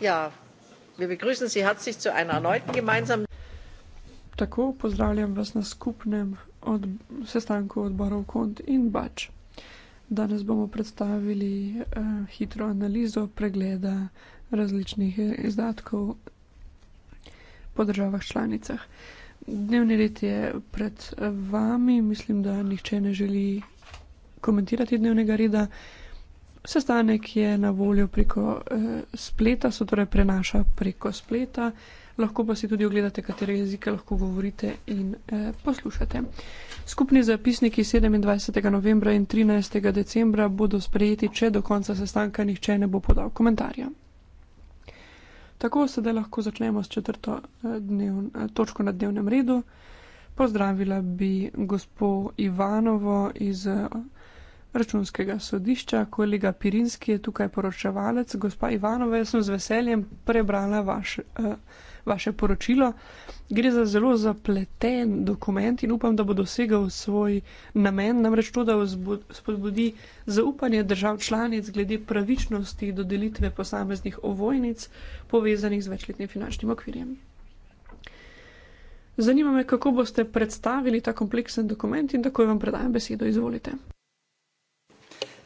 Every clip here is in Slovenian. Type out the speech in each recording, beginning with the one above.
Ja, wir begrüßen Sie herzlich zu einer erneuten gemeinsamen. Tako pozdravljam vas na skupnem od, sestanku odborov KONT in BAČ. Danes bomo predstavili eh, hitro analizo pregleda različnih eh, izdatkov po državah članicah. Dnevni red je pred vami, mislim, da nihče ne želi komentirati dnevnega reda. Eh, Sestanek je na voljo preko eh, spleta, se torej prenaša preko spleta. Lahko pa si tudi ogledate, katere jezike lahko govorite in eh, poslušate. Skupni zapisniki 27. novembra in 13. decembra bodo sprejeti, če do konca sestanka nihče ne bo podal komentarja. Tako sedaj lahko začnemo s četrto eh, dnevn, eh, točko na dnevnem redu. Pozdravila bi gospod Ivanovo iz. Eh, računskega sodišča. Kolega Pirinski je tukaj poročevalec. Gospa Ivanova, jaz sem z veseljem prebrala vaš, eh, vaše poročilo. Gre za zelo zapleten dokument in upam, da bo dosegal svoj namen, namreč to, da spodbudi zaupanje držav članic glede pravičnosti dodelitve posameznih ovojnic povezanih z večletnim finančnim okvirjem. Zanima me, kako boste predstavili ta kompleksen dokument in tako vam predajam besedo. Izvolite.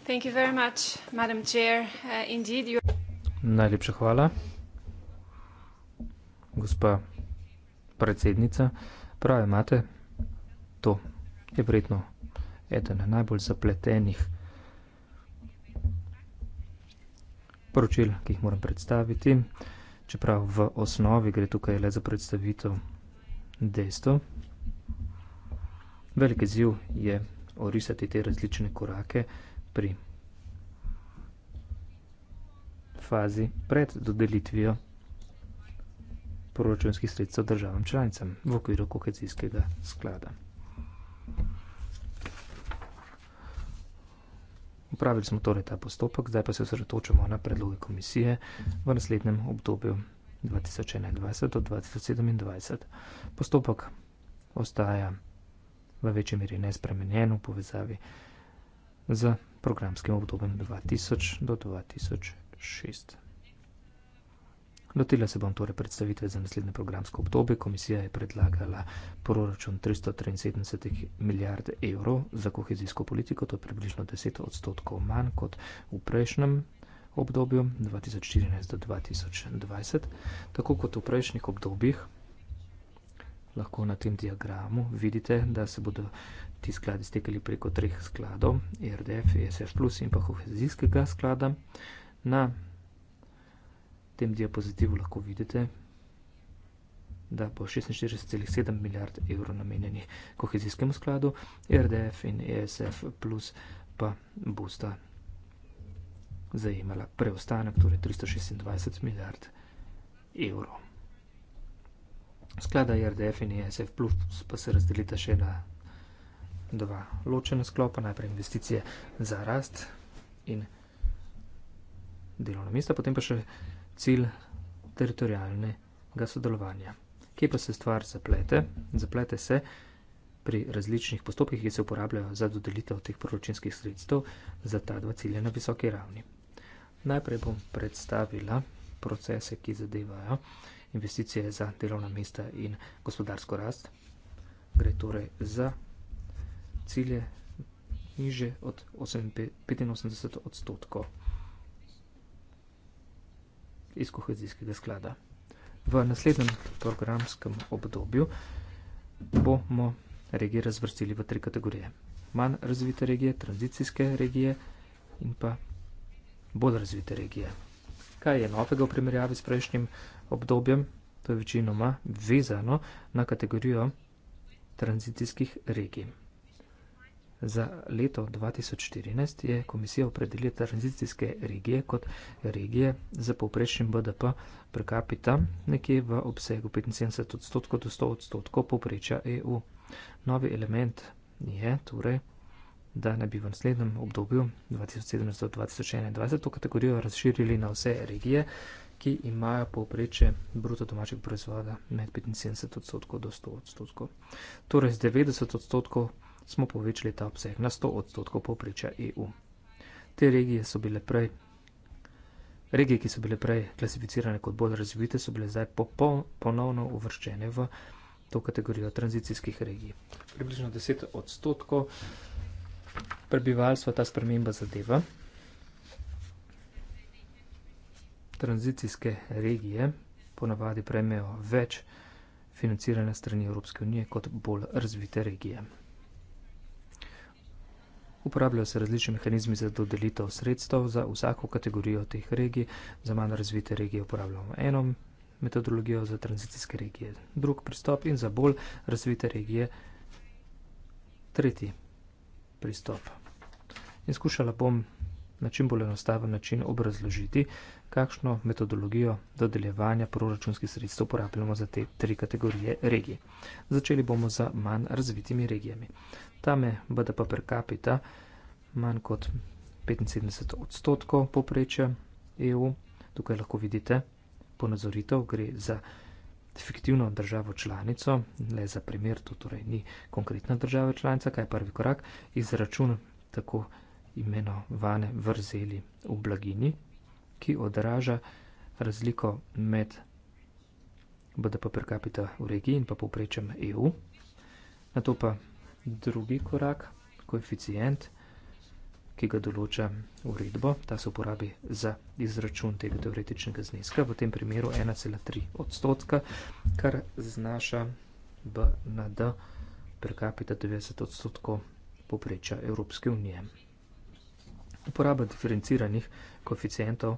Thank you very much, Madam Chair. Uh, indeed, you... Najlepša hvala, gospa predsednica. Prav imate, to je vredno eden najbolj zapletenih poročil, ki jih moram predstaviti, čeprav v osnovi gre tukaj le za predstavitev dejstva. Velik ziv je orisati te različne korake, pri fazi pred dodelitvijo poročunskih sredstv državam članicam v okviru kohezijskega sklada. Upravili smo torej ta postopek, zdaj pa se osredotočamo na predloge komisije v naslednjem obdobju 2021 do 2027. Postopek ostaja v večji meri nespremenjen v povezavi z programskim obdobjem 2000 do 2006. Lotila se bom torej predstavitve za naslednje programsko obdobje. Komisija je predlagala proračun 373 milijard evrov za kohezijsko politiko, to je približno 10 odstotkov manj kot v prejšnjem obdobju 2014 do 2020. Tako kot v prejšnjih obdobjih, lahko na tem diagramu vidite, da se bodo ti skladi stekali preko treh skladov, e RDF, ESF plus in pa hohezijskega sklada. Na tem diapozitivu lahko vidite, da bo 46,7 milijard evrov namenjenih kohezijskemu skladu, e RDF in ESF plus pa bosta zajemala preostanek, torej 326 milijard evrov. Sklada IRDF in ISF Plus pa se razdelita še na dva ločena sklopa, najprej investicije za rast in delovna mesta, potem pa še cilj teritorijalnega sodelovanja. Kje pa se stvar zaplete? Zaplete se pri različnih postopkih, ki se uporabljajo za dodelitev teh proročinskih sredstev za ta dva cilja na visoki ravni. Najprej bom predstavila procese, ki zadevajo investicije za delovna mesta in gospodarsko rast. Gre torej za cilje niže od 85 odstotkov iz kohezijskega sklada. V naslednjem programskem obdobju bomo regije razvrstili v tri kategorije. Manj razvite regije, tranzicijske regije in pa bolj razvite regije kaj je novega v primerjavi s prejšnjim obdobjem, to je večinoma vezano na kategorijo tranzicijskih regij. Za leto 2014 je komisija opredelila tranzicijske regije kot regije za povprečjem BDP per capita nekje v obsegu 75 odstotkov do 100 odstotkov povprečja EU. Novi element je torej da ne bi v naslednjem obdobju 2017-2021 to kategorijo razširili na vse regije, ki imajo povpreče bruto domačega proizvoda med 75 odstotkov do 100 odstotkov. Torej z 90 odstotkov smo povečali ta obseg na 100 odstotkov povpreča EU. Te regije so bile prej, regije, ki so bile prej klasificirane kot bolj razvite, so bile zdaj popol, ponovno uvrščene v to kategorijo tranzicijskih regij. Približno 10 odstotkov prebivalstva ta sprememba zadeva. Tranzicijske regije ponavadi prejmejo več financiranja strani Evropske unije kot bolj razvite regije. Uporabljajo se različni mehanizmi za dodelitev sredstev za vsako kategorijo teh regij. Za manj razvite regije uporabljamo eno metodologijo za tranzicijske regije, drug pristop in za bolj razvite regije tretji pristop. In skušala bom na čim bolj enostaven način obrazložiti, kakšno metodologijo dodeljevanja proračunskih sredstev uporabljamo za te tri kategorije regij. Začeli bomo z manj razvitimi regijami. Tam je BDP per capita manj kot 75 odstotkov poprečja EU. Tukaj lahko vidite ponazoritev, gre za fiktivno državo članico, le za primer, to torej ni konkretna država članica, kaj je prvi korak, izračun tako imenovane vrzeli v blagini, ki odraža razliko med BDP per capita v regiji in pa povprečjem EU. Na to pa drugi korak, koeficient, ki ga določa uredbo, ta se uporabi za izračun tega teoretičnega zneska, v tem primeru 1,3 odstotka, kar znaša BND per capita 90 odstotkov poprečja Evropske unije. Uporaba diferenciranih koeficientov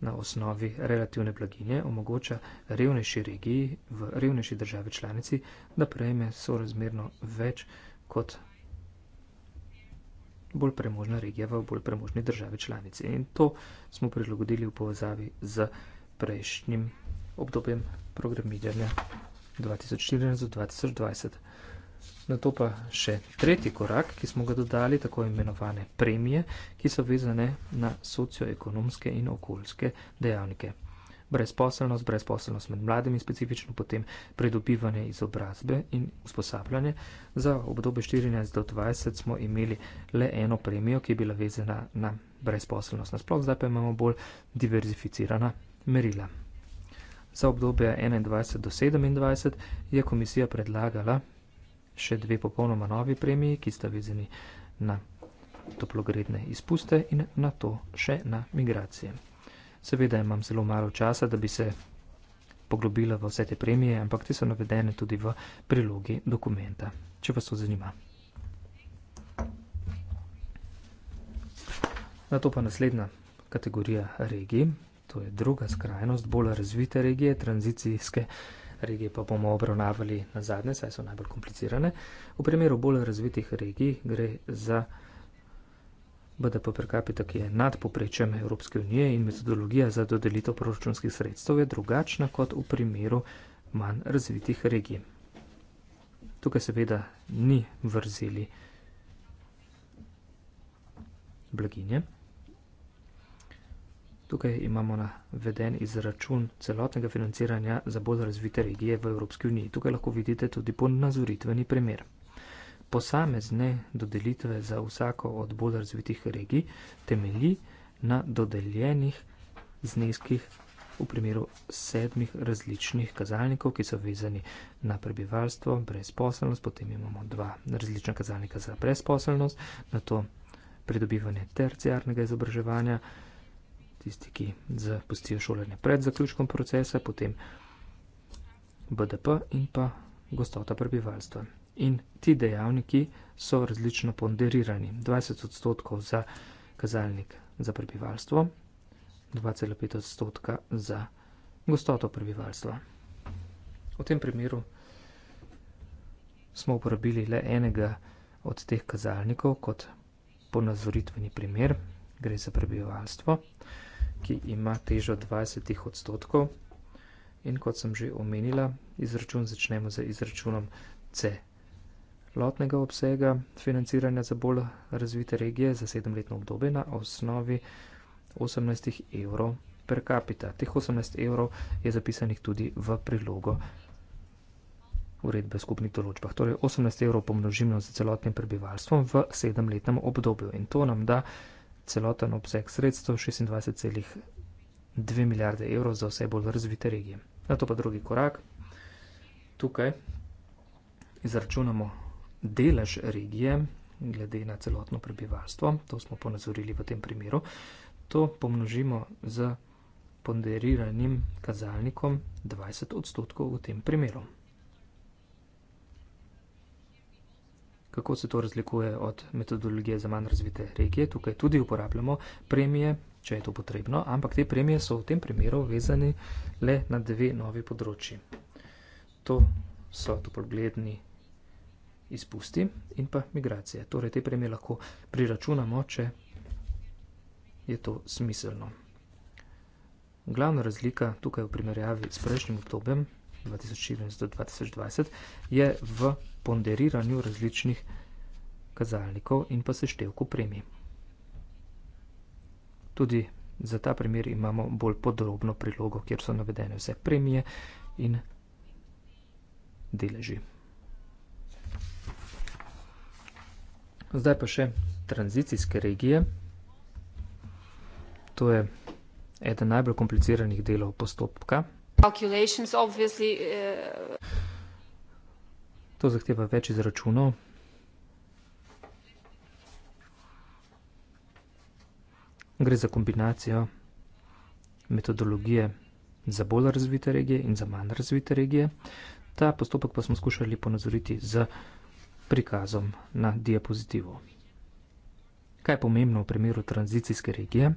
na osnovi relativne blaginje omogoča revnejši regiji v revnejši državi članici, da prejme sorazmerno več kot bolj premožna regija v bolj premožni državi članici. In to smo prilagodili v povezavi z prejšnjim obdobjem programiranja 2014-2020. Na to pa še tretji korak, ki smo ga dodali, tako imenovane premije, ki so vezane na socioekonomske in okoljske dejavnike. Brezposelnost, brezposelnost med mladimi, specifično potem predobivanje izobrazbe in usposabljanje. Za obdobje 14 do 20 smo imeli le eno premijo, ki je bila vezana na brezposelnost nasploh, zdaj pa imamo bolj diverzificirana merila. Za obdobje 21 do 27 je komisija predlagala še dve popolnoma novi premiji, ki sta vezani na toplogredne izpuste in na to še na migracije. Seveda imam zelo malo časa, da bi se poglobila v vse te premije, ampak te so navedene tudi v prilogi dokumenta, če vas to zanima. Na to pa naslednja kategorija regij, to je druga skrajnost, bolj razvite regije, tranzicijske regije regije pa bomo obravnavali na zadnje, saj so najbolj komplicirane. V primeru bolj razvitih regij gre za BDP per capita, ki je nad poprečjem Evropske unije in metodologija za dodelitev proračunskih sredstev je drugačna kot v primeru manj razvitih regij. Tukaj seveda ni vrzeli blaginje. Tukaj imamo naveden izračun celotnega financiranja za bolj razvite regije v Evropski uniji. Tukaj lahko vidite tudi ponazoritveni primer. Posamezne dodelitve za vsako od bolj razvitih regij temelji na dodeljenih zneskih v primeru sedmih različnih kazalnikov, ki so vezani na prebivalstvo, brezposelnost, potem imamo dva različna kazalnika za brezposelnost, na to pridobivanje terciarnega izobraževanja, tisti, ki zapustijo šolanje pred zaključkom procesa, potem BDP in pa gostota prebivalstva. In ti dejavniki so različno ponderirani. 20 odstotkov za kazalnik za prebivalstvo, 2,5 odstotka za gostoto prebivalstva. V tem primeru smo uporabili le enega od teh kazalnikov kot ponazoritveni primer, gre za prebivalstvo ki ima težo 20 odstotkov. In kot sem že omenila, izračun začnemo z izračunom C. Lotnega obsega financiranja za bolj razvite regije za sedemletno obdobje na osnovi 18 evrov per capita. Teh 18 evrov je zapisanih tudi v prilogo uredbe o skupnih določbah. Torej 18 evrov pomnožimo z celotnim prebivalstvom v sedemletnem obdobju in to nam da celoten obseg sredstev 26,2 milijarde evrov za vse bolj razvite regije. Na to pa drugi korak. Tukaj izračunamo delež regije glede na celotno prebivalstvo. To smo ponazorili v tem primeru. To pomnožimo z ponderiranim kazalnikom 20 odstotkov v tem primeru. kako se to razlikuje od metodologije za manj razvite regije. Tukaj tudi uporabljamo premije, če je to potrebno, ampak te premije so v tem primeru vezani le na dve novi področji. To so toplogledni izpusti in pa migracije. Torej, te premije lahko priračunamo, če je to smiselno. Glavna razlika tukaj v primerjavi s prejšnjim obdobjem 2014 do 2020, je v ponderiranju različnih kazalnikov in pa seštevku premij. Tudi za ta primer imamo bolj podrobno prilogo, kjer so navedene vse premije in deleži. Zdaj pa še tranzicijske regije. To je eden najbolj kompliciranih delov postopka. Uh, to zahteva več izračunov. Gre za kombinacijo metodologije za bolj razvite regije in za manj razvite regije. Ta postopek pa smo skušali ponazoriti z prikazom na diapozitivu. Kaj je pomembno v primeru tranzicijske regije?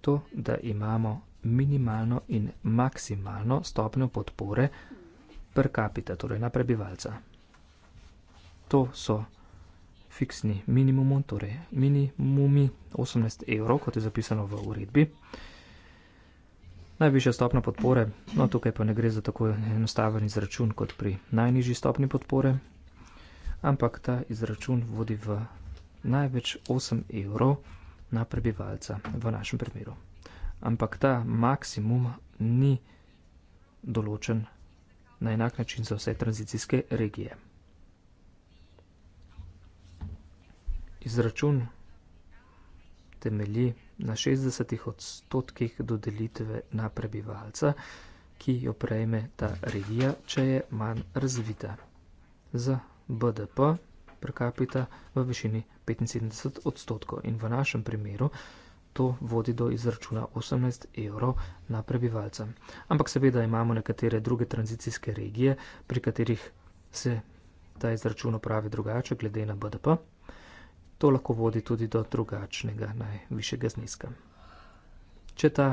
To, da imamo minimalno in maksimalno stopnjo podpore per capita, torej na prebivalca. To so fiksni minimumi, torej minimumi 18 evrov, kot je zapisano v uredbi. Najvišja stopna podpore, no tukaj pa ne gre za tako enostaven izračun kot pri najnižji stopni podpore, ampak ta izračun vodi v največ 8 evrov na prebivalca v našem primeru ampak ta maksimum ni določen na enak način za vse tranzicijske regije. Izračun temelji na 60 odstotkih dodelitve na prebivalca, ki jo prejme ta regija, če je manj razvita. Z BDP per capita v višini 75 odstotkov in v našem primeru to vodi do izračuna 18 evrov na prebivalca. Ampak seveda imamo nekatere druge tranzicijske regije, pri katerih se ta izračun opravi drugače glede na BDP. To lahko vodi tudi do drugačnega najvišjega zneska. Če ta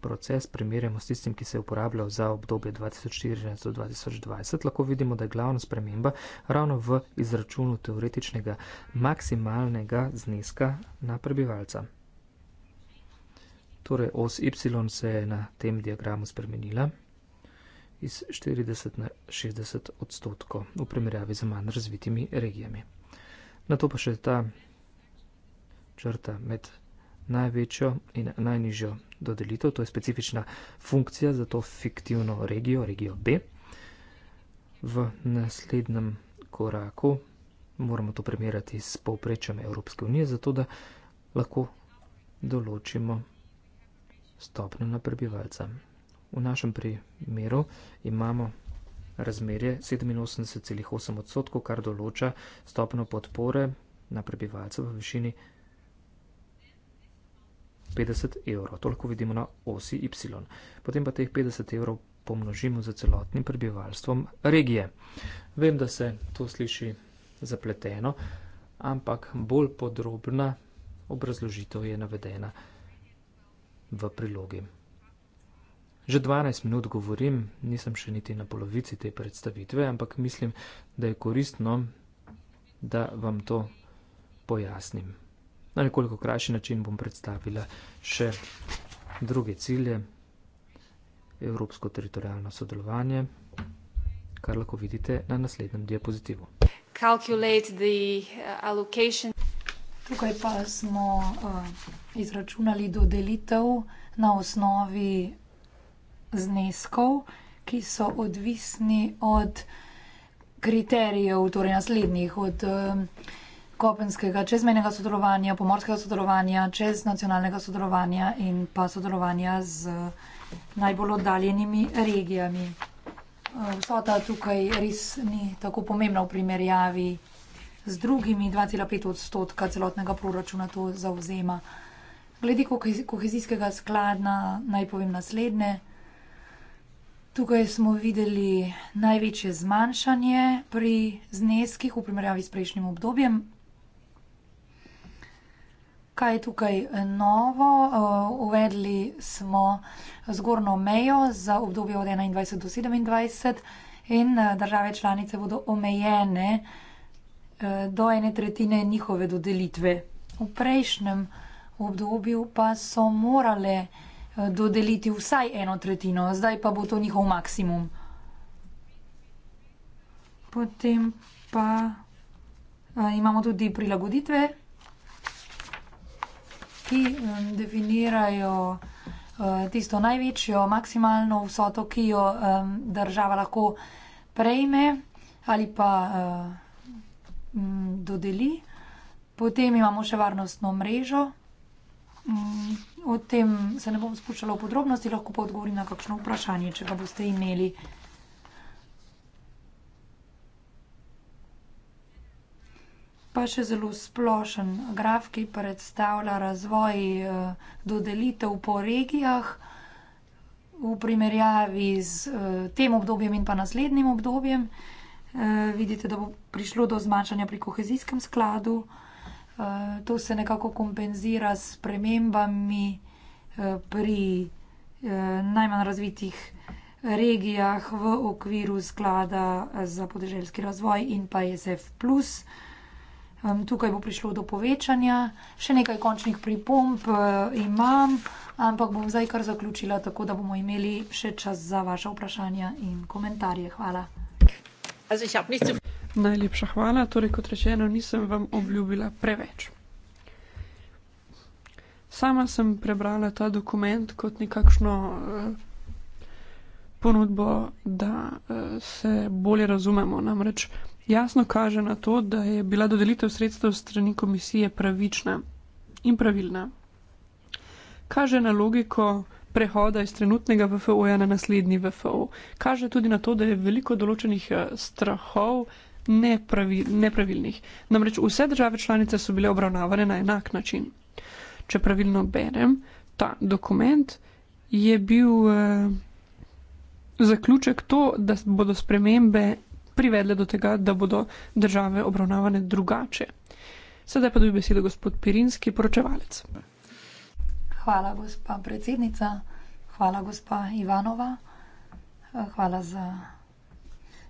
proces primerjamo s tistim, ki se je uporabljal za obdobje 2014 do 2020, lahko vidimo, da je glavna sprememba ravno v izračunu teoretičnega maksimalnega zneska na prebivalca. Torej, os y se je na tem diagramu spremenila iz 40 na 60 odstotkov v primerjavi z manj razvitimi regijami. Na to pa še ta črta med največjo in najnižjo dodelitev, to je specifična funkcija za to fiktivno regijo, regijo B. V naslednjem koraku moramo to primerjati s povprečjem Evropske unije, zato da lahko določimo stopnjo na prebivalca. V našem primeru imamo razmerje 87,8 odstotkov, kar določa stopno podpore na prebivalca v višini 50 evrov. Toliko vidimo na osi Y. Potem pa teh 50 evrov pomnožimo z celotnim prebivalstvom regije. Vem, da se to sliši zapleteno, ampak bolj podrobna obrazložitev je navedena v prilogi. Že 12 minut govorim, nisem še niti na polovici te predstavitve, ampak mislim, da je koristno, da vam to pojasnim. Na nekoliko krajši način bom predstavila še druge cilje, evropsko teritorijalno sodelovanje, kar lahko vidite na naslednjem diapozitivu. Calculate the uh, allocation. Tukaj pa smo uh, izračunali dodelitev na osnovi zneskov, ki so odvisni od kriterijev, torej naslednjih, od uh, kopenskega čezmejnega sodelovanja, pomorskega sodelovanja, čez nacionalnega sodelovanja in pa sodelovanja z najbolj oddaljenimi regijami. Eh, vsota tukaj res ni tako pomembna v primerjavi z drugimi 2,5 odstotka celotnega proračuna to zauzema. Glede kohezijskega skladna naj povem naslednje. Tukaj smo videli največje zmanjšanje pri zneskih v primerjavi s prejšnjim obdobjem. Kaj je tukaj novo? Eh, uvedli smo zgornjo mejo za obdobje od 21 do 27 in eh, države članice bodo omejene Eh, do ene tretjine njihove dodelitve. V prejšnjem obdobju pa so morale eh, dodeliti vsaj eno tretjino, zdaj pa bo to njihov maksimum. Potem pa eh, imamo tudi prilagoditve, ki definirajo tisto največjo, maksimalno vsoto, ki jo država lahko prejme ali pa Mm, dodeli. Potem imamo še varnostno mrežo. Mm, o tem se ne bom spuščala v podrobnosti, lahko pa odgovorim na kakšno vprašanje, če ga boste imeli. Pa še zelo splošen graf, ki predstavlja razvoj eh, dodelitev po regijah v primerjavi z eh, tem obdobjem in pa naslednjim obdobjem. Eh, vidite, da bo prišlo do zmanjšanja pri kohezijskem skladu. Eh, to se nekako kompenzira s premembami eh, pri najmanj razvitih regijah v okviru sklada za podeželjski razvoj in pa e SF. Tukaj bo prišlo do povečanja. Še nekaj končnih pripomb imam, ampak bom zdaj kar zaključila, tako da bomo imeli še čas za vaše vprašanja in komentarje. Hvala. Also ich nicht zu... Najlepša hvala, torej kot rečeno, nisem vam obljubila preveč. Sama sem prebrala ta dokument kot nekakšno uh, ponudbo, da uh, se bolje razumemo. Namreč jasno kaže na to, da je bila dodelitev sredstev strani komisije pravična in pravilna. Kaže na logiko, prehoda iz trenutnega VFO-ja na naslednji VFO. Kaže tudi na to, da je veliko določenih eh, strahov nepravil, nepravilnih. Namreč vse države članice so bile obravnavane na enak način. Če pravilno berem, ta dokument je bil eh, zaključek to, da bodo spremembe privedle do tega, da bodo države obravnavane drugače. Sedaj pa dobi besedo gospod Pirinski, poročevalec. Hvala, gospa predsednica. Hvala, gospa Ivanova. Eh, hvala za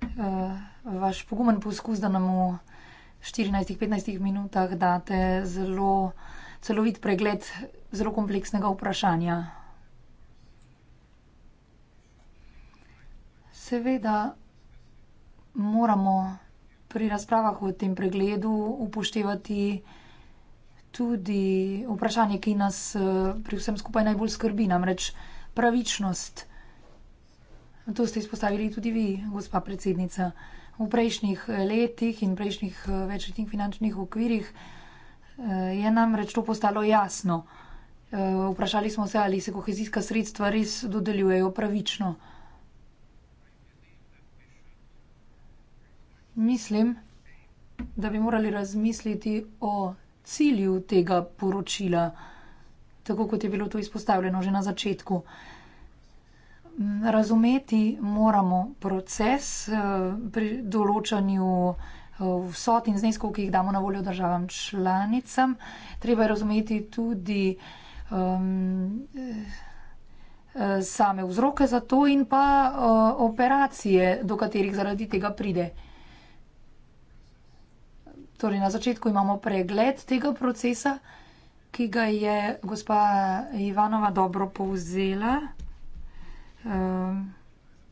uh, vaš pogumen poskus, da nam v 14-15 minutah date zelo celovit pregled zelo kompleksnega vprašanja. Seveda moramo pri razpravah v tem pregledu upoštevati tudi vprašanje, ki nas eh, pri vsem skupaj najbolj skrbi, namreč pravičnost. To ste izpostavili tudi vi, gospa predsednica. V prejšnjih eh, letih in prejšnjih eh, večletnih finančnih okvirih je namreč to postalo jasno. Vprašali smo se, ali se kohezijska sredstva res dodeljujejo pravično. Mislim, da bi morali razmisliti o cilju tega poročila, tako kot je bilo to izpostavljeno že na začetku. Mm, razumeti moramo proces eh, pri določanju eh, vsot in zneskov, ki jih damo na voljo državam članicam. Treba je razumeti tudi um, same vzroke za to in pa uh, operacije, do katerih zaradi tega pride. Torej, na začetku imamo pregled tega procesa, ki ga je gospa Ivanova dobro povzela. Um,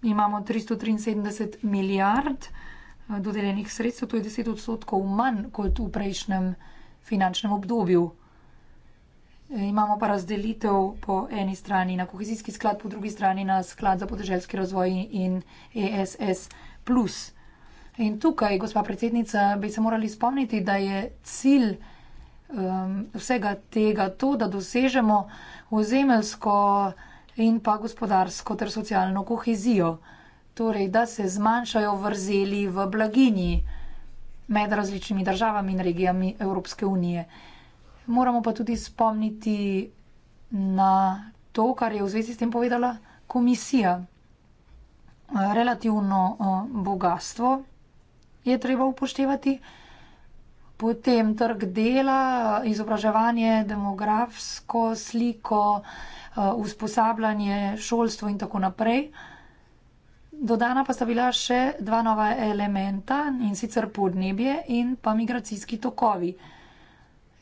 imamo 373 milijard eh, dodeljenih sredstev, to je 10 odstotkov manj kot v prejšnjem finančnem obdobju. Eh, imamo pa razdelitev po eni strani na kohezijski sklad, po drugi strani na sklad za podeželjski razvoj in ESS. In tukaj, gospa predsednica, bi se morali spomniti, da je cilj um, vsega tega to, da dosežemo ozemelsko in pa gospodarsko ter socialno kohezijo. Torej, da se zmanjšajo vrzeli v blaginji med različnimi državami in regijami Evropske unije. Moramo pa tudi spomniti na to, kar je v zvezi s tem povedala komisija. Relativno uh, bogatstvo je treba upoštevati, potem trg dela, izobraževanje, demografsko sliko, eh, usposabljanje, šolstvo in tako naprej. Dodana pa sta bila še dva nova elementa in sicer podnebje in pa migracijski tokovi.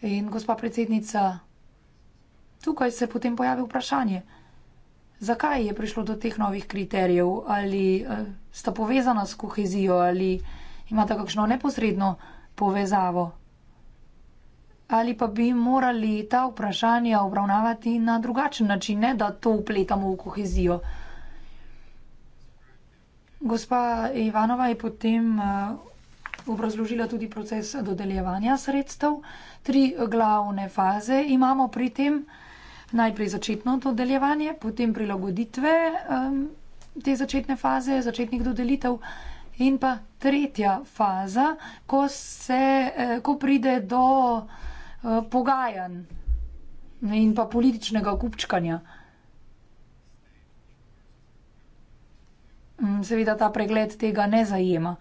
In gospa predsednica, tukaj se potem pojavi vprašanje, zakaj je prišlo do teh novih kriterijev, ali eh, sta povezana s kohezijo ali imata kakšno neposredno povezavo. Ali pa bi morali ta vprašanja obravnavati na drugačen način, ne da to upletamo v kohezijo. Gospa Ivanova je potem eh, obrazložila tudi proces dodeljevanja sredstev. Tri glavne faze imamo pri tem. Najprej začetno dodeljevanje, potem prilagoditve eh, te začetne faze, začetnih dodelitev. In pa tretja faza, ko, se, eh, ko pride do eh, pogajanj in pa političnega kupčkanja. Mm, seveda ta pregled tega ne zajema.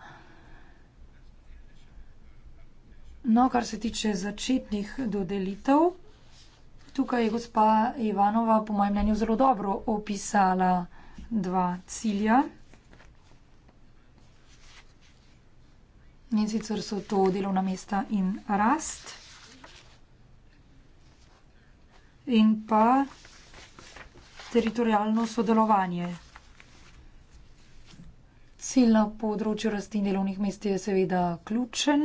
No, kar se tiče začetnih dodelitev, tukaj je gospa Ivanova po mojem mnenju zelo dobro opisala dva cilja. In sicer so to delovna mesta in rast. In pa teritorijalno sodelovanje. Cilj na področju rasti delovnih mest je seveda ključen.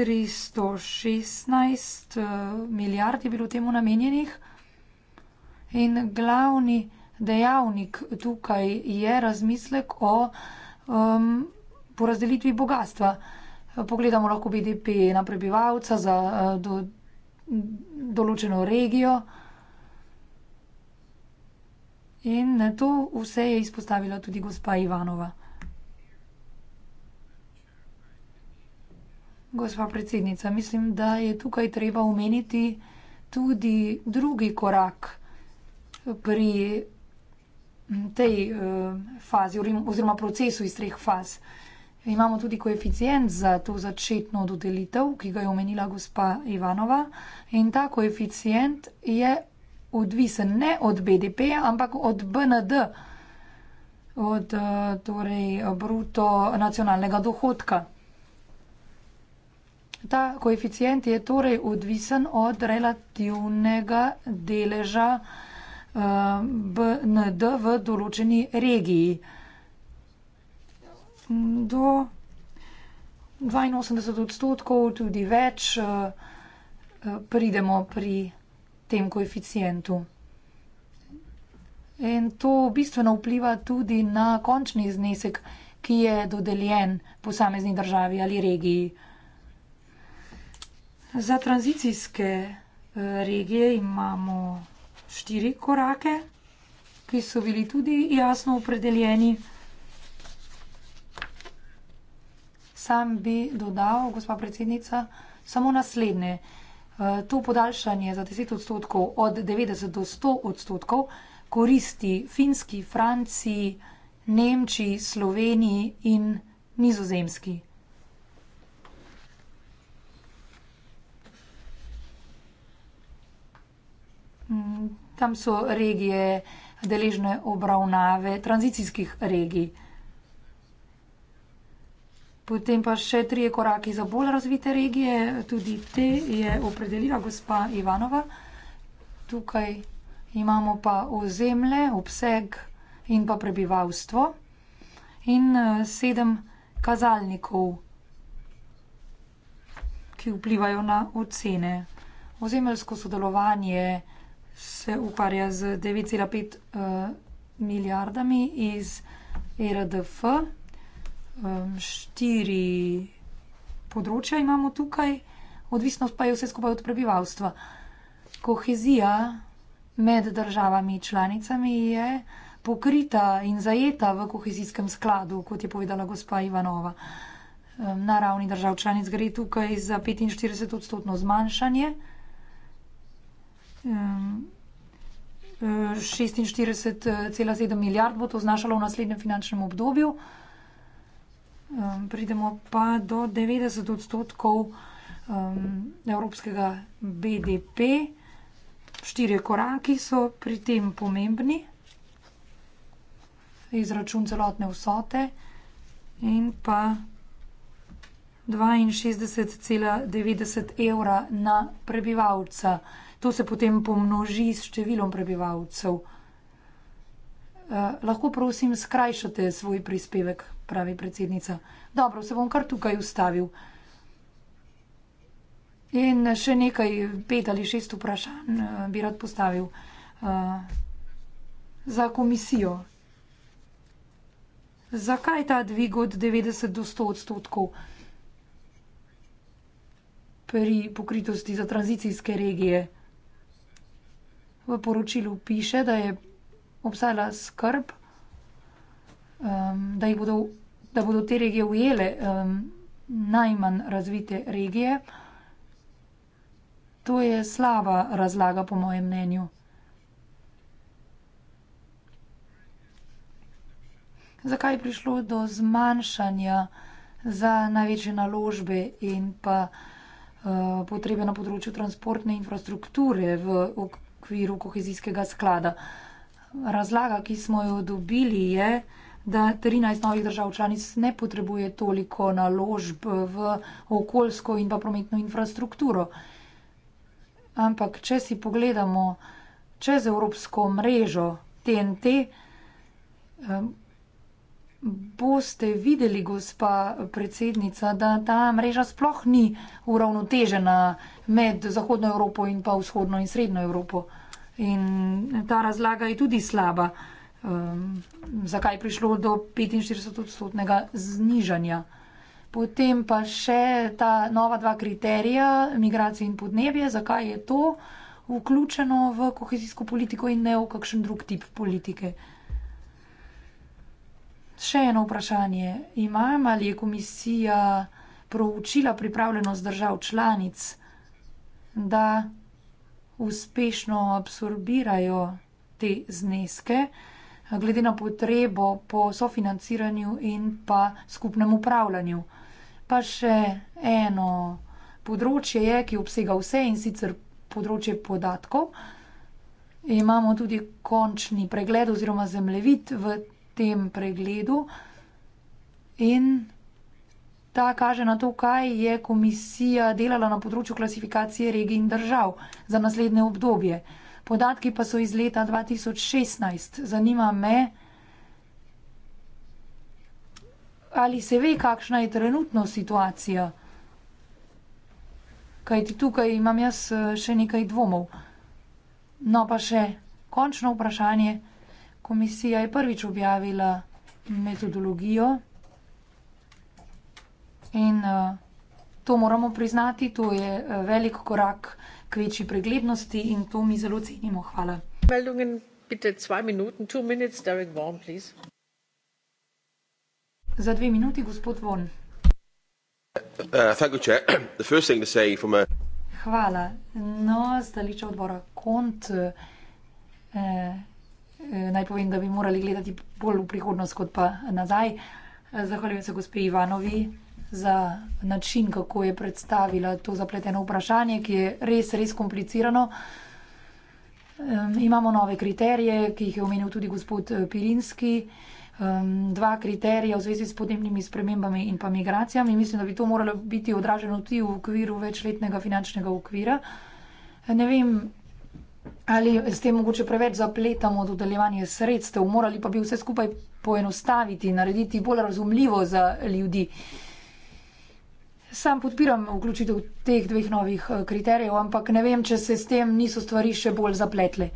316 eh, milijard je bilo temu namenjenih. In glavni dejavnik tukaj je razmislek o um, po razdelitvi bogatstva. Pogledamo lahko BDP na prebivalca za uh, do, določeno regijo. In to vse je izpostavila tudi gospa Ivanova. Gospa predsednica, mislim, da je tukaj treba omeniti tudi drugi korak pri tej eh, fazi oziroma procesu iz treh faz. Imamo tudi koeficient za to začetno dodelitev, ki ga je omenila gospa Ivanova. In ta koeficient je odvisen ne od BDP, ampak od BND, od eh, torej, bruto nacionalnega dohodka. Ta koeficient je torej odvisen od relativnega deleža BND v določeni regiji. Do 82 odstotkov, tudi več, eh, pridemo pri tem koeficijentu. In to bistveno vpliva tudi na končni znesek, ki je dodeljen posamezni državi ali regiji. Za tranzicijske eh, regije imamo štiri korake, ki so bili tudi jasno opredeljeni. Sam bi dodal, gospa predsednica, samo naslednje. E, to podaljšanje za 10 odstotkov od 90 do 100 odstotkov koristi Finski, Franciji, Nemčiji, Sloveniji in Nizozemski. Mm tam so regije deležne obravnave tranzicijskih regij. Potem pa še tri korake za bolj razvite regije, tudi te je opredelila gospa Ivanova. Tukaj imamo pa ozemlje, obseg in pa prebivalstvo in eh, sedem kazalnikov, ki vplivajo na ocene. Ozemeljsko sodelovanje se ukvarja z devet cela pet, eh, milijardami iz ERDF. štiri področja imamo tukaj, odvisno pa je vse skupaj od prebivalstva. Kohezija med državami članicami je pokrita in zajeta v kohezijskem skladu, kot je povedala gospa Ivanova. na ravni držav članic gre tukaj za petinštiridesetodstotno zmanjšanje. 46,7 eh, milijard bo to znašalo v naslednjem finančnem obdobju. Pridemo pa do 90 odstotkov evropskega BDP. Štirje koraki so pri tem pomembni. Izračun celotne vsote in pa 62,90 evra na prebivalca. To se potem pomnoži s številom prebivalcev. Eh, lahko prosim skrajšate svoj prispevek, pravi predsednica. Dobro, se bom kar tukaj ustavil. In še nekaj, pet ali šest vprašanj eh, bi rad postavil eh, za komisijo. Zakaj ta dvig od 90 do 100 odstotkov pri pokritosti za tranzicijske regije? v poročilu piše, da je obstajala skrb, um, da jih bodo, da bodo te regije ujele um, najmanj razvite regije. To je slaba razlaga, po mojem mnenju. Zakaj je prišlo do zmanjšanja za največje naložbe in pa uh, potrebe na področju transportne infrastrukture v okviru? okviru kohezijskega sklada. Razlaga, ki smo jo dobili, je, da 13 novih držav članic ne potrebuje toliko naložb v okoljsko in pa prometno infrastrukturo. Ampak, če si pogledamo čez evropsko mrežo TNT, boste videli, gospa predsednica, da ta mreža sploh ni uravnotežena med Zahodno Evropo in pa Vzhodno in Srednjo Evropo. In ta razlaga je tudi slaba, um, zakaj je prišlo do 45-odstotnega znižanja. Potem pa še ta nova dva kriterija, migracije in podnebje, zakaj je to vključeno v kohezijsko politiko in ne v kakšen drug tip politike. Še eno vprašanje. Imam ali je komisija proučila pripravljenost držav članic? da uspešno absorbirajo te zneske, glede na potrebo po sofinanciranju in pa skupnem upravljanju. Pa še eno področje je, ki obsega vse in sicer področje podatkov. Imamo tudi končni pregled oziroma zemljevid v tem pregledu in Ta kaže na to, kaj je komisija delala na področju klasifikacije regij in držav za naslednje obdobje. Podatki pa so iz leta 2016. Zanima me, ali se ve, kakšna je trenutno situacija. Kaj ti tukaj imam jaz eh, še nekaj dvomov. No pa še končno vprašanje. Komisija je prvič objavila metodologijo. In eh, to moramo priznati, to je eh, velik korak k večji preglednosti in to mi zelo cenimo. Hvala. Za dve minuti, gospod Von. Uh, Hvala. No, stališče odbora KONT. Eh, naj povem, da bi morali gledati bolj v prihodnost, kot pa nazaj. Zahvaljujem se gospe Ivanovi za način, kako je predstavila to zapleteno vprašanje, ki je res, res komplicirano. Um, imamo nove kriterije, ki jih je omenil tudi gospod eh, Pirinski. Um, dva kriterija v zvezi s podnebnimi spremembami in pa migracijami. Mislim, da bi to moralo biti odraženo tudi v okviru večletnega finančnega okvira. Ne vem, ali s tem mogoče preveč zapletamo dodeljevanje sredstev, morali pa bi vse skupaj poenostaviti, narediti bolj razumljivo za ljudi. Uh, Sam podpiram vključitev teh dveh novih eh, kriterijev, ampak ne vem, če se s tem niso stvari še bolj zapletle.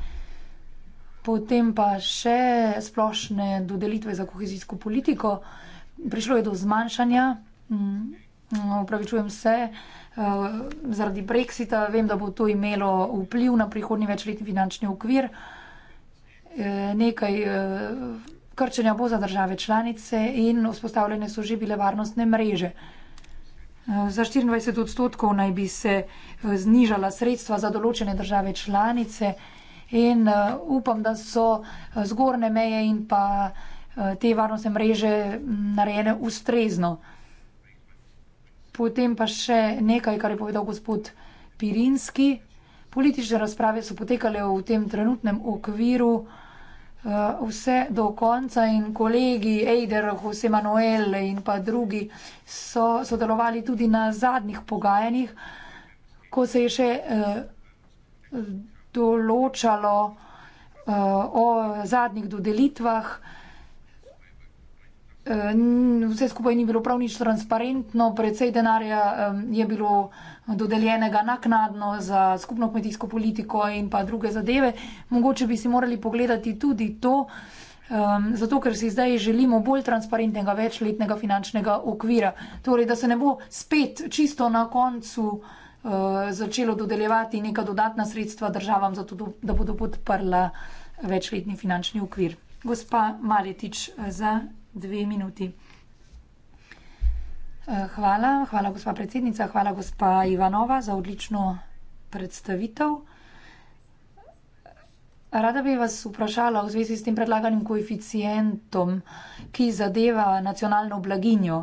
Potem pa še splošne dodelitve za kohezijsko politiko. Prišlo je do zmanjšanja, upravičujem mm, se, eh, zaradi Brexita. Vem, da bo to imelo vpliv na prihodni večletni finančni okvir. Eh, nekaj krčenja bo za države članice in vzpostavljene so že bile varnostne mreže. Za 24 odstotkov naj bi se eh, znižala sredstva za določene države članice in eh, upam, da so eh, zgorne meje in pa te varnostne mreže mm, narejene ustrezno. Potem pa še nekaj, kar je povedal gospod Pirinski. Politične razprave so potekale v tem trenutnem okviru. Eh, vse do konca in kolegi Eider, Jose Manuel in pa drugi so sodelovali tudi na zadnjih pogajanjih, ko se je še eh, določalo eh, o zadnjih dodelitvah. Eh, vse skupaj ni bilo prav nič transparentno, predvsej denarja eh, je bilo dodeljenega naknadno za skupno kmetijsko politiko in pa druge zadeve. Mogoče bi si morali pogledati tudi to, eh, zato ker si zdaj želimo bolj transparentnega večletnega finančnega okvira. Torej, da se ne bo spet čisto na koncu začelo dodeljevati neka dodatna sredstva državam, zato da bodo podprla večletni finančni okvir. Gospa Maletič za dve minuti. Eh, hvala, hvala gospa predsednica, hvala gospa Ivanova za odlično predstavitev. Rada bi vas vprašala v zvezi s tem predlaganim koeficientom, ki zadeva nacionalno blaginjo.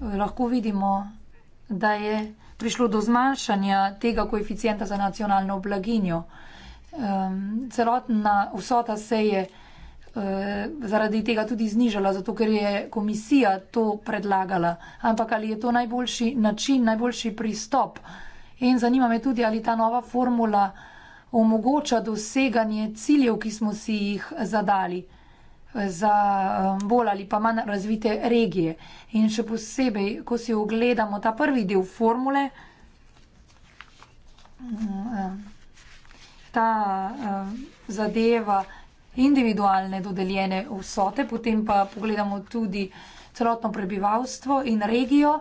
Lahko vidimo, da je prišlo do zmanjšanja tega koeficienta za nacionalno blaginjo. Ehm, celotna vsota se je. Eh, zaradi tega tudi znižala, zato ker je komisija to predlagala. Ampak ali je to najboljši način, najboljši pristop? In zanima me tudi, ali ta nova formula omogoča doseganje ciljev, ki smo si jih zadali eh, za eh, bolj ali pa manj razvite regije. In še posebej, ko si ogledamo ta prvi del formule, mm, ta zadeva, individualne dodeljene vsote, potem pa pogledamo tudi celotno prebivalstvo in regijo,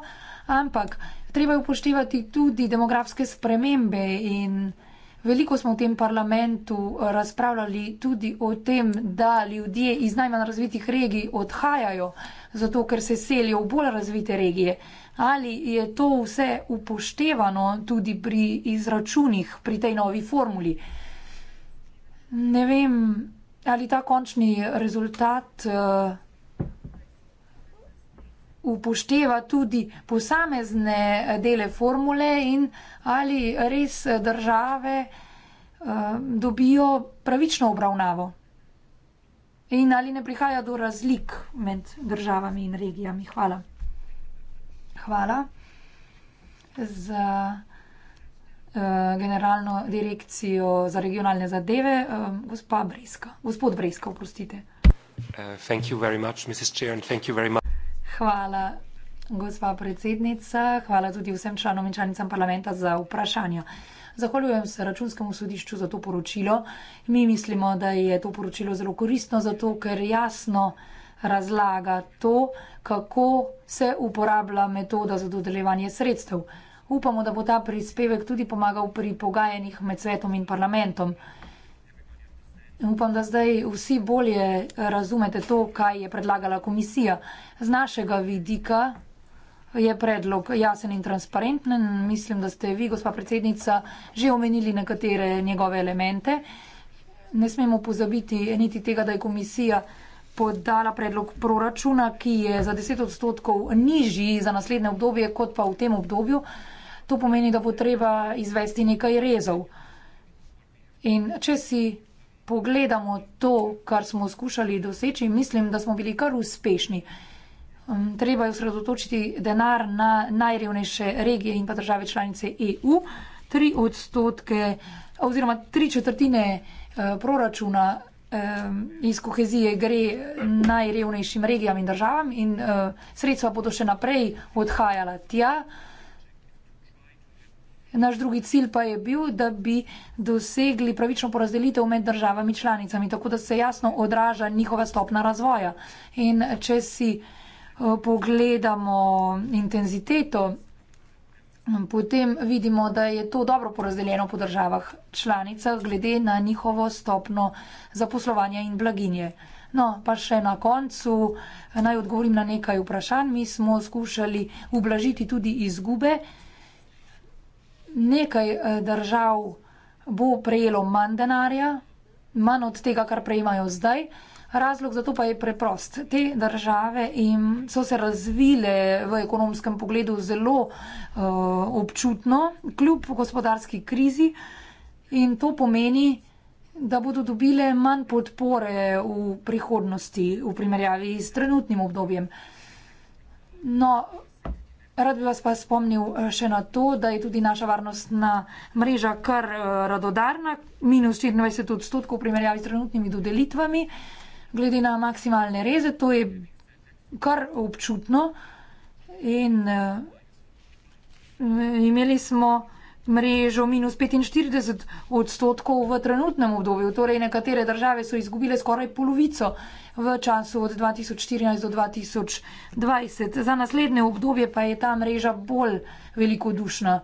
ampak treba je upoštevati tudi demografske spremembe in veliko smo v tem parlamentu razpravljali tudi o tem, da ljudje iz najmanj razvitih regij odhajajo, zato ker se selijo v bolj razvite regije. Ali je to vse upoštevano tudi pri izračunih, pri tej novi formuli? Ne vem, Ali ta končni rezultat uh, upošteva tudi posamezne eh, dele formule in ali res eh, države uh, dobijo pravično obravnavo? In ali ne prihaja do razlik med državami in regijami? Hvala. Hvala za. Eh, generalno direkcijo za regionalne zadeve, eh, gospa Breska. Gospod Breska, oprostite. Eh, Hvala, gospa predsednica. Hvala tudi vsem članom in članicam parlamenta za vprašanja. Zahvaljujem se računskemu sodišču za to poročilo. Mi mislimo, da je to poročilo zelo koristno, zato ker jasno razlaga to, kako se uporablja metoda za dodeljevanje sredstev. Upamo, da bo ta prispevek tudi pomagal pri pogajanjih med svetom in parlamentom. Upam, da zdaj vsi bolje razumete to, kaj je predlagala komisija. Z našega vidika je predlog jasen in transparenten. Mislim, da ste vi, gospa predsednica, že omenili nekatere njegove elemente. Ne smemo pozabiti niti tega, da je komisija podala predlog proračuna, ki je za 10 odstotkov nižji za naslednje obdobje kot pa v tem obdobju to pomeni, da bo treba izvesti nekaj rezov. In če si pogledamo to, kar smo skušali doseči, mislim, da smo bili kar uspešni. Um, treba je osredotočiti denar na najrevnejše regije in pa države članice EU. Tri odstotke oziroma tri četrtine eh, proračuna iz kohezije gre najrevnejšim regijam in državam in eh, sredstva bodo še naprej odhajala tja. Naš drugi cilj pa je bil, da bi dosegli pravično porazdelitev med državami članicami, tako da se jasno odraža njihova stopna razvoja. In če si eh, pogledamo intenziteto, potem vidimo, da je to dobro porazdeljeno po državah članicah, glede na njihovo stopno zaposlovanja in blaginje. No, pa še na koncu eh, naj odgovorim na nekaj vprašanj. Mi smo skušali ublažiti tudi izgube nekaj eh, držav bo prejelo manj denarja, manj od tega, kar prejemajo zdaj. Razlog za to pa je preprost. Te države so se razvile v ekonomskem pogledu zelo uh, občutno, kljub gospodarski krizi, in to pomeni, da bodo dobile manj podpore v prihodnosti v primerjavi s trenutnim obdobjem. No, Rad bi vas pa spomnil eh, še na to, da je tudi naša varnostna mreža kar eh, radodarna, minus 24 odstotkov v primerjavi s trenutnimi dodelitvami, glede na maksimalne reze, to je kar občutno. In uh, imeli smo mrežo minus 45 odstotkov v trenutnem obdobju, torej nekatere države so izgubile skoraj polovico uh, v času od 2014 do 2020. Za naslednje obdobje pa je ta mreža bolj velikodušna.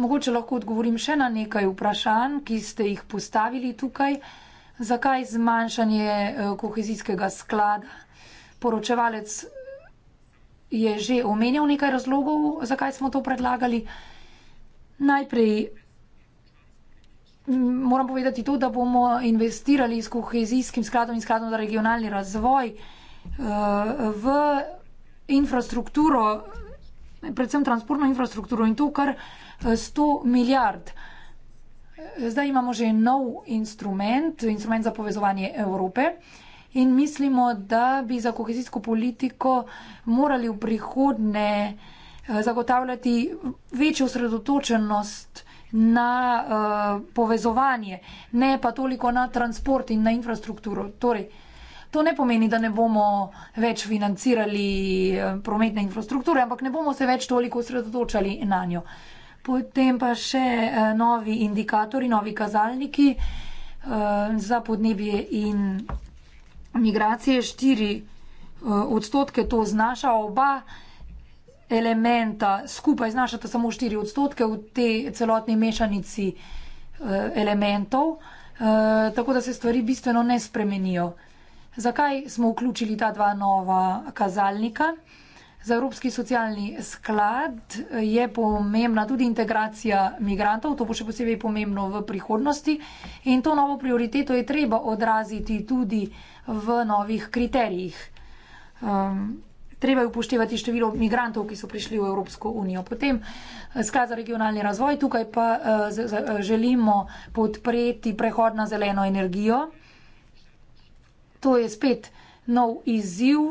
Mogoče lahko odgovorim še na nekaj vprašanj, ki ste jih postavili tukaj. Zakaj zmanjšanje eh, kohezijskega sklada? Poročevalec je že omenjal nekaj razlogov, zakaj smo to predlagali. Najprej moram povedati to, da bomo investirali s kohezijskim skladom in skladom za regionalni razvoj eh, v infrastrukturo, predvsem transportno infrastrukturo in to kar 100 eh, milijard. Zdaj imamo že nov instrument, instrument za povezovanje Evrope in mislimo, da bi za kohezijsko politiko morali v prihodne eh, zagotavljati večjo sredotočenost na uh, povezovanje, ne pa toliko na transport in na infrastrukturo. Torej, to ne pomeni, da ne bomo več financirali eh, prometne infrastrukture, ampak ne bomo se več toliko osredotočali na njo. Potem pa še uh, novi indikatori, novi kazalniki uh, za podnebje in migracije, 4 uh, odstotke to znaša oba elementa skupaj znašata samo 4 odstotke v tej celotni mešanici eh, elementov, eh, tako da se stvari bistveno ne spremenijo. Zakaj smo vključili ta dva nova kazalnika? Za Evropski socialni sklad eh, je pomembna tudi integracija migrantov, to bo še posebej pomembno v prihodnosti in to novo prioriteto je treba odraziti tudi v novih kriterijih. Um, treba je upoštevati število migrantov, ki so prišli v Evropsko unijo. Potem eh, sklad za regionalni razvoj, tukaj pa eh, z, z, eh, želimo podpreti prehod na zeleno energijo. To je spet nov izziv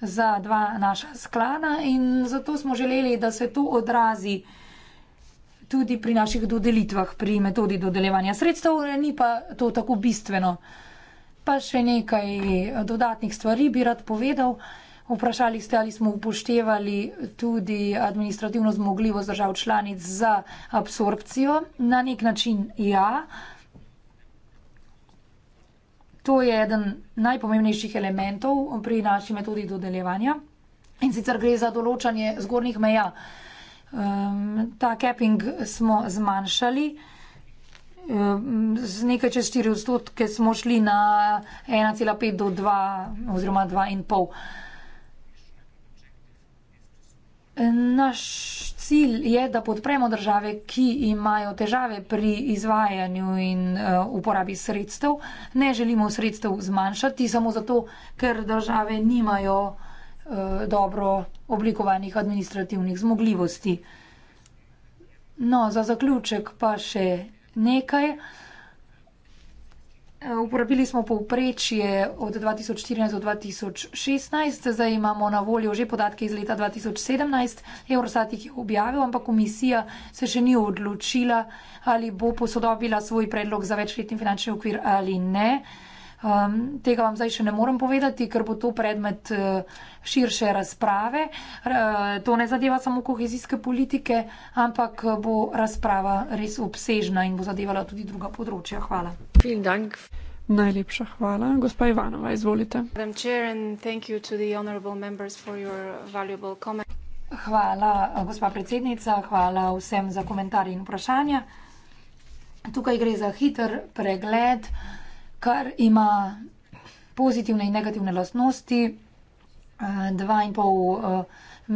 za dva naša sklada in zato smo želeli, da se to odrazi tudi pri naših dodelitvah, pri metodi dodeljevanja sredstev, ni pa to tako bistveno. Pa še nekaj dodatnih stvari bi rad povedal. Vprašali ste, ali smo upoštevali tudi administrativno zmogljivost držav članic za absorpcijo. Na nek način ja. To je eden najpomembnejših elementov pri naši metodi dodeljevanja. In sicer gre za določanje zgornjih meja. Ehm, ta capping smo zmanjšali. Ehm, z nekaj čez 4 odstotke smo šli na 1,5 do 2 oziroma 2,5 odstotke. Naš cilj je, da podpremo države, ki imajo težave pri izvajanju in eh, uporabi sredstev. Ne želimo sredstev zmanjšati samo zato, ker države nimajo eh, dobro oblikovanih administrativnih zmogljivosti. No, za zaključek pa še nekaj. Uporabili smo povprečje od 2014 do 2016, zdaj imamo na voljo že podatke iz leta 2017. Eurostat jih je objavil, ampak komisija se še ni odločila, ali bo posodobila svoj predlog za večletni finančni okvir ali ne. Um, tega vam zdaj še ne morem povedati, ker bo to predmet eh, širše razprave. Eh, to ne zadeva samo kohezijske politike, ampak eh, bo razprava res obsežna in bo zadevala tudi druga področja. Hvala. Najlepša hvala. Gospa Ivanova, izvolite. Hvala, gospa predsednica, hvala vsem za komentarje in vprašanja. Tukaj gre za hiter pregled uh, kar ima pozitivne in negativne lastnosti. Eh, dva in pol eh,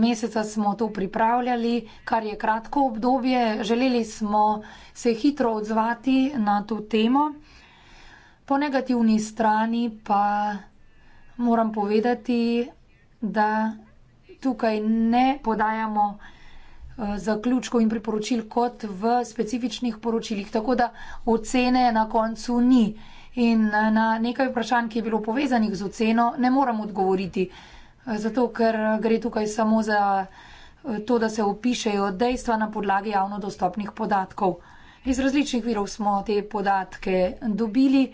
meseca smo to pripravljali, kar je kratko obdobje. Želeli smo se hitro odzvati na to temo. Po negativni strani pa moram povedati, da tukaj ne podajamo eh, zaključkov in priporočil kot v specifičnih poročilih, tako da ocene na koncu ni in eh, na nekaj vprašanj, ki je bilo povezanih z oceno, ne moram odgovoriti. Eh, zato, ker eh, gre tukaj samo za to, da se opišejo dejstva na podlagi javno dostopnih podatkov. Iz različnih virov smo te podatke dobili.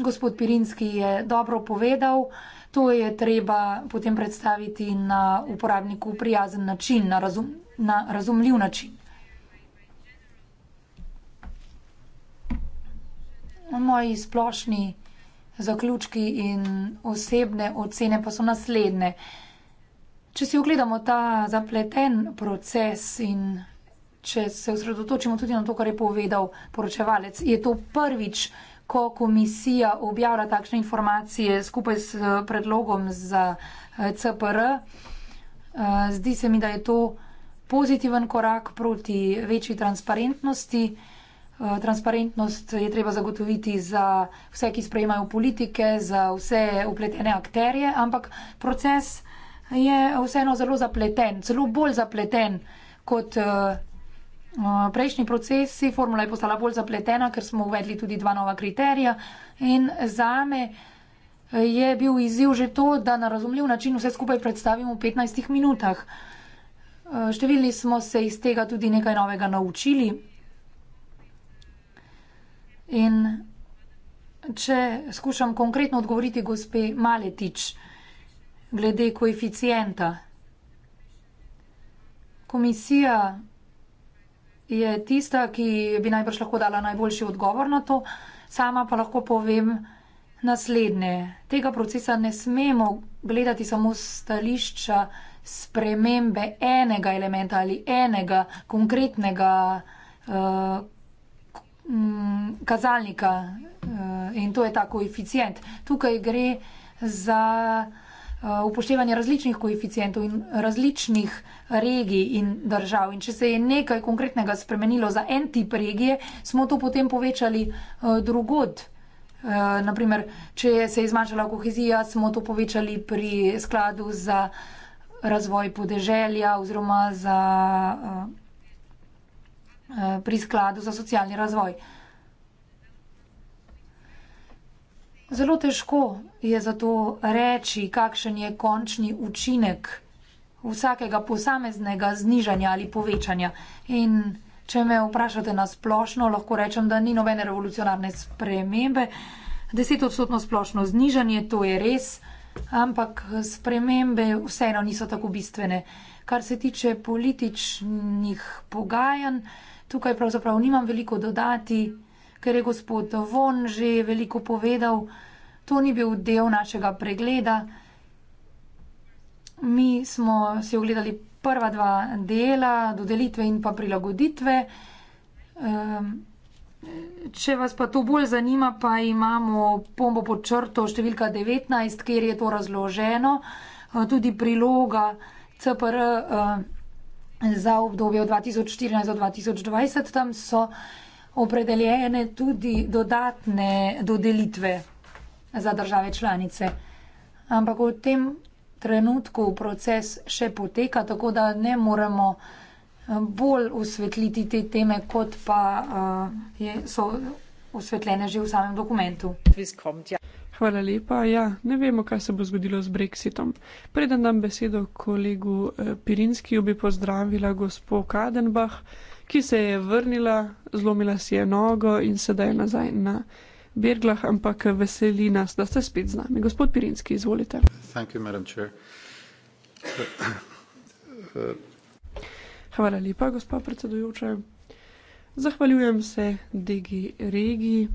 Gospod Pirinski je dobro povedal, to je treba potem predstaviti na uporabniku prijazen način, na, razum, na razumljiv način. moji splošni zaključki in osebne ocene pa so naslednje. Če si ogledamo ta zapleten proces in če se osredotočimo tudi na to, kar je povedal poročevalec, je to prvič, ko komisija objavlja takšne informacije skupaj s eh, predlogom za eh, CPR. Eh, zdi se mi, da je to pozitiven korak proti večji transparentnosti. Eh, transparentnost je treba zagotoviti za vse, ki sprejemajo politike, za vse upletene akterje, ampak proces je vseeno zelo zapleten, celo bolj zapleten kot eh, eh, prejšnji procesi. Formula je postala bolj zapletena, ker smo uvedli tudi dva nova kriterija in zame je bil izziv že to, da na razumljiv način vse skupaj predstavim v 15 minutah. Številni smo se iz tega tudi nekaj novega naučili, In če skušam konkretno odgovoriti gospe Maletič glede koeficijenta, komisija je tista, ki bi najbrž lahko dala najboljši odgovor na to, sama pa lahko povem naslednje. Tega procesa ne smemo gledati samo z stališča spremembe enega elementa ali enega konkretnega. Uh, mm, kazalnika uh, in to je ta koeficient. Tukaj gre za uh, upoštevanje različnih koeficientov in različnih regij in držav. In če se je nekaj konkretnega spremenilo za en tip regije, smo to potem povečali uh, drugod. Uh, naprimer, če se je zmanjšala kohezija, smo to povečali pri skladu za razvoj podeželja oziroma za uh, Eh, pri skladu za socialni razvoj. Zelo težko je zato reči, kakšen je končni učinek vsakega posameznega znižanja ali povečanja. In če me vprašate na splošno, lahko rečem, da ni nobene revolucionarne spremembe. Deset odstotno splošno znižanje, to je res, ampak spremembe vseeno niso tako bistvene. Kar se tiče političnih pogajanj, tukaj pravzaprav nimam veliko dodati, ker je gospod Von že veliko povedal, to ni bil del našega pregleda. Mi smo si ogledali prva dva dela, dodelitve in pa prilagoditve. Ehm, če vas pa to bolj zanima, pa imamo pombo pod črto številka 19, kjer je to razloženo, tudi priloga CPR 19. Ehm, za obdobje od 2014 do 2020. Tam so opredeljene tudi dodatne dodelitve za države članice. Ampak v tem trenutku proces še poteka, tako da ne moremo eh, bolj usvetliti te teme, kot pa uh, je, so usvetljene že v samem dokumentu. Hvala lepa. Ja, ne vemo, kaj se bo zgodilo z brexitom. Preden dam besedo kolegu eh, Pirinski, bi pozdravila gospo Kadenbach, ki se je vrnila, zlomila si je nogo in sedaj je nazaj na Berglah, ampak veseli nas, da ste spet z nami. Gospod Pirinski, izvolite. You, uh, Hvala lepa, gospa predsedujoča. Zahvaljujem se DG regiji.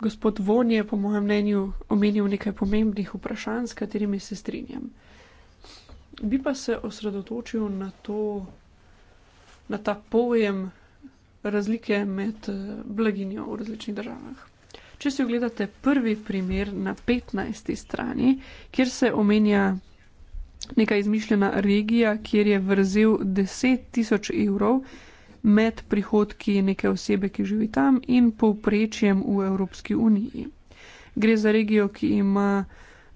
Gospod Von je, po mojem mnenju, omenil nekaj pomembnih vprašanj, s katerimi se strinjam. Bi pa se osredotočil na, to, na ta pojem razlike med eh, blaginjo v različnih državah. Če si ogledate prvi primer na 15. strani, kjer se omenja neka izmišljena regija, kjer je vrzel 10 tisoč evrov med prihodki neke osebe, ki živi tam in povprečjem v Evropski uniji. Gre za regijo, ki ima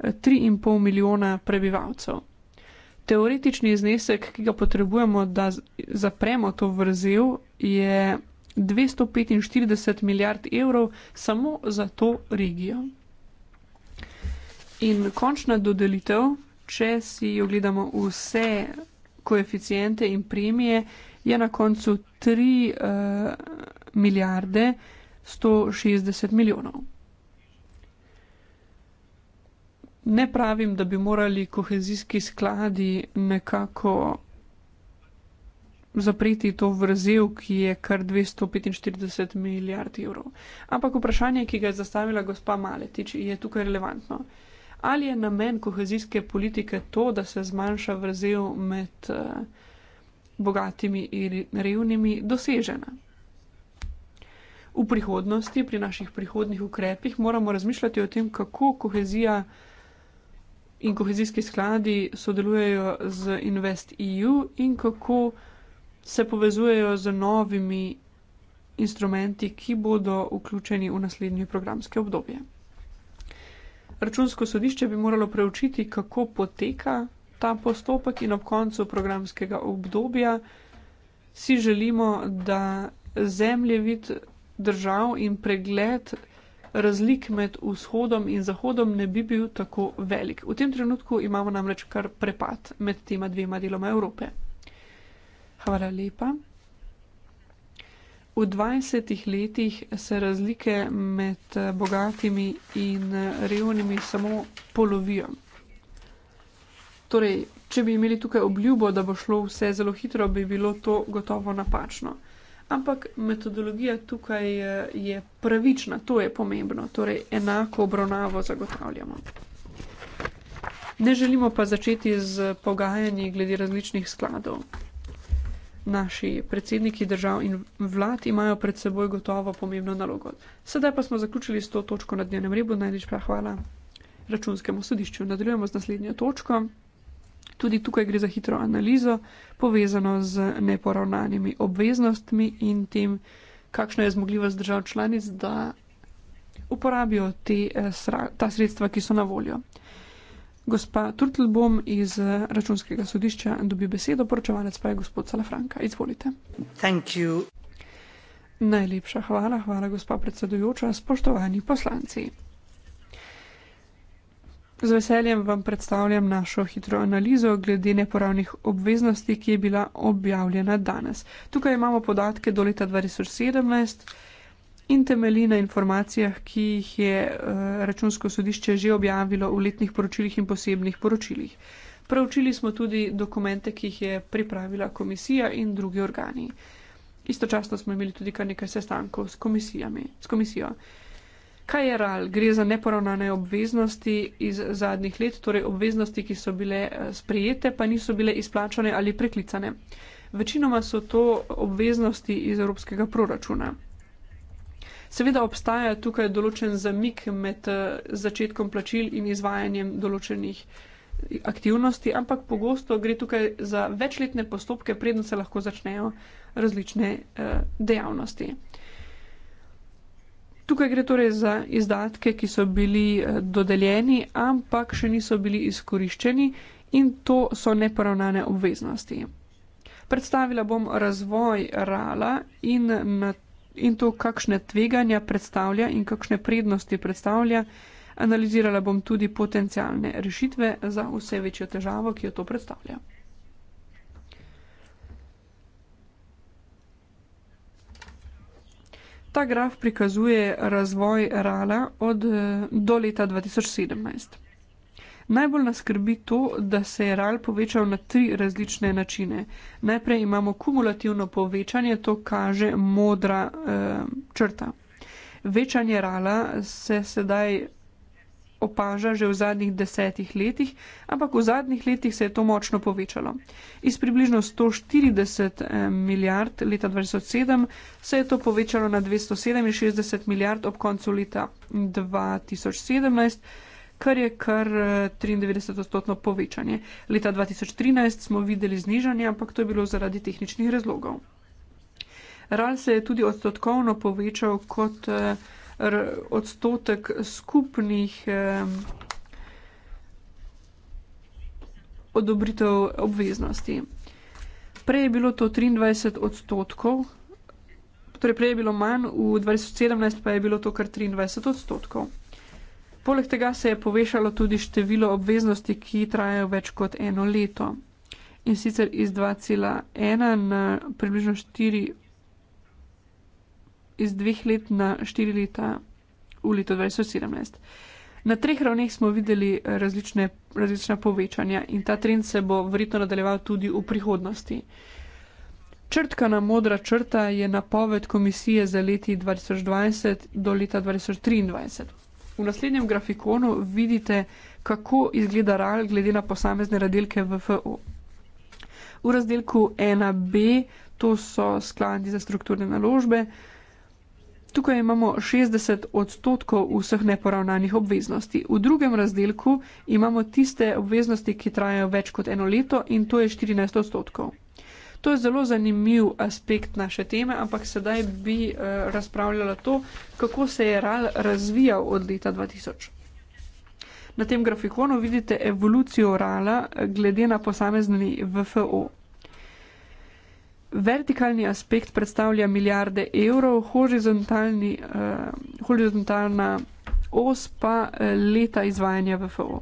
3,5 eh, milijona prebivalcev. Teoretični znesek, ki ga potrebujemo, da zapremo to vrzel, je 245 milijard evrov samo za to regijo. In končna dodelitev, če si jo gledamo vse koeficijente in premije, je na koncu 3 uh, eh, milijarde 160 milijonov. Ne pravim, da bi morali kohezijski skladi nekako zapreti to vrzel, ki je kar 245 milijard evrov. Ampak vprašanje, ki ga je zastavila gospa Maletič, je tukaj relevantno. Ali je namen kohezijske politike to, da se zmanjša vrzel med uh, bogatimi in revnimi dosežena. V prihodnosti, pri naših prihodnih ukrepih, moramo razmišljati o tem, kako kohezija in kohezijski skladi sodelujejo z InvestEU in kako se povezujejo z novimi instrumenti, ki bodo vključeni v naslednje programske obdobje. Računsko sodišče bi moralo preučiti, kako poteka ta postopek in ob koncu programskega obdobja si želimo, da zemljevid držav in pregled razlik med vzhodom in zahodom ne bi bil tako velik. V tem trenutku imamo namreč kar prepad med tema dvema deloma Evrope. Hvala lepa. V 20 letih se razlike med bogatimi in revnimi samo polovijo. Torej, če bi imeli tukaj obljubo, da bo šlo vse zelo hitro, bi bilo to gotovo napačno. Ampak metodologija tukaj eh, je pravična, to je pomembno, torej enako obravnavo zagotavljamo. Ne želimo pa začeti z pogajanji glede različnih skladov. Naši predsedniki držav in vlad imajo pred seboj gotovo pomembno nalogo. Sedaj pa smo zaključili s to točko na dnevnem rebu, najlepša hvala računskemu sodišču. Nadaljujemo z naslednjo točko. Tudi tukaj gre za hitro analizo, povezano z neporavnanimi obveznostmi in tem, kakšna je zmogljivost držav članic, da uporabijo te, eh, ta sredstva, ki so na voljo. Gospa Turtelbom iz eh, računskega sodišča dobi besedo, poročevalec pa je gospod Salafranka. Izvolite. Thank you. Najlepša hvala, hvala gospa predsedujoča, spoštovani poslanci. Z veseljem vam predstavljam našo hitro analizo glede neporavnih obveznosti, ki je bila objavljena danes. Tukaj imamo podatke do leta 2017 in temelji na informacijah, ki jih je eh, računsko sodišče že objavilo v letnih poročilih in posebnih poročilih. Preučili smo tudi dokumente, ki jih je pripravila komisija in drugi organi. Istočasno smo imeli tudi kar nekaj sestankov s, s komisijo. Kaj je RAL? Gre za neporavnane obveznosti iz zadnjih let, torej obveznosti, ki so bile eh, sprejete, pa niso bile izplačane ali preklicane. Večinoma so to obveznosti iz evropskega proračuna. Seveda obstaja tukaj določen zamik med eh, začetkom plačil in izvajanjem določenih eh, aktivnosti, ampak pogosto gre tukaj za večletne postopke, predno se lahko začnejo različne eh, dejavnosti. Tukaj gre torej za izdatke, ki so bili eh, dodeljeni, ampak še niso bili izkoriščeni in to so neporavnane obveznosti. Predstavila bom razvoj RALA in, na, in to, kakšne tveganja predstavlja in kakšne prednosti predstavlja. Analizirala bom tudi potencialne rešitve za vse večjo težavo, ki jo to predstavlja. Ta graf prikazuje razvoj RALA od eh, do leta 2017. Najbolj nas skrbi to, da se je RAL povečal na tri različne načine. Najprej imamo kumulativno povečanje, to kaže modra eh, črta. Večanje RALA se sedaj opaža že v zadnjih desetih letih, ampak v zadnjih letih se je to močno povečalo. Iz približno 140 eh, milijard leta 2007 se je to povečalo na 267 milijard ob koncu leta 2017 kar je kar 93-odstotno eh, povečanje. Leta 2013 smo videli znižanje, ampak to je bilo zaradi tehničnih razlogov. RAL se je tudi odstotkovno povečal kot eh, odstotek skupnih eh, odobritev obveznosti. Prej je bilo to 23 odstotkov, torej prej je bilo manj, v 2017 pa je bilo to kar 23 odstotkov. Poleg tega se je povešalo tudi število obveznosti, ki trajajo več kot eno leto in sicer iz 2,1 na približno 4 iz dveh let na štiri leta v letu 2017. Na treh ravneh smo videli različne, različna povečanja in ta trend se bo verjetno nadaljeval tudi v prihodnosti. Črtka na modra črta je napoved komisije za leti 2020 do leta 2023. V naslednjem grafikonu vidite, kako izgleda RAL glede na posamezne radelke VFO. V razdelku 1B, to so skladi za strukturne naložbe, Tukaj imamo 60 odstotkov vseh neporavnanih obveznosti. V drugem razdelku imamo tiste obveznosti, ki trajajo več kot eno leto in to je 14 odstotkov. To je zelo zanimiv aspekt naše teme, ampak sedaj bi uh, razpravljala to, kako se je RAL razvijal od leta 2000. Na tem grafikonu vidite evolucijo RALA eh, glede na posamezni VFO. Vertikalni aspekt predstavlja milijarde evrov, horizontalni, uh, horizontalna os pa uh, leta izvajanja VFO.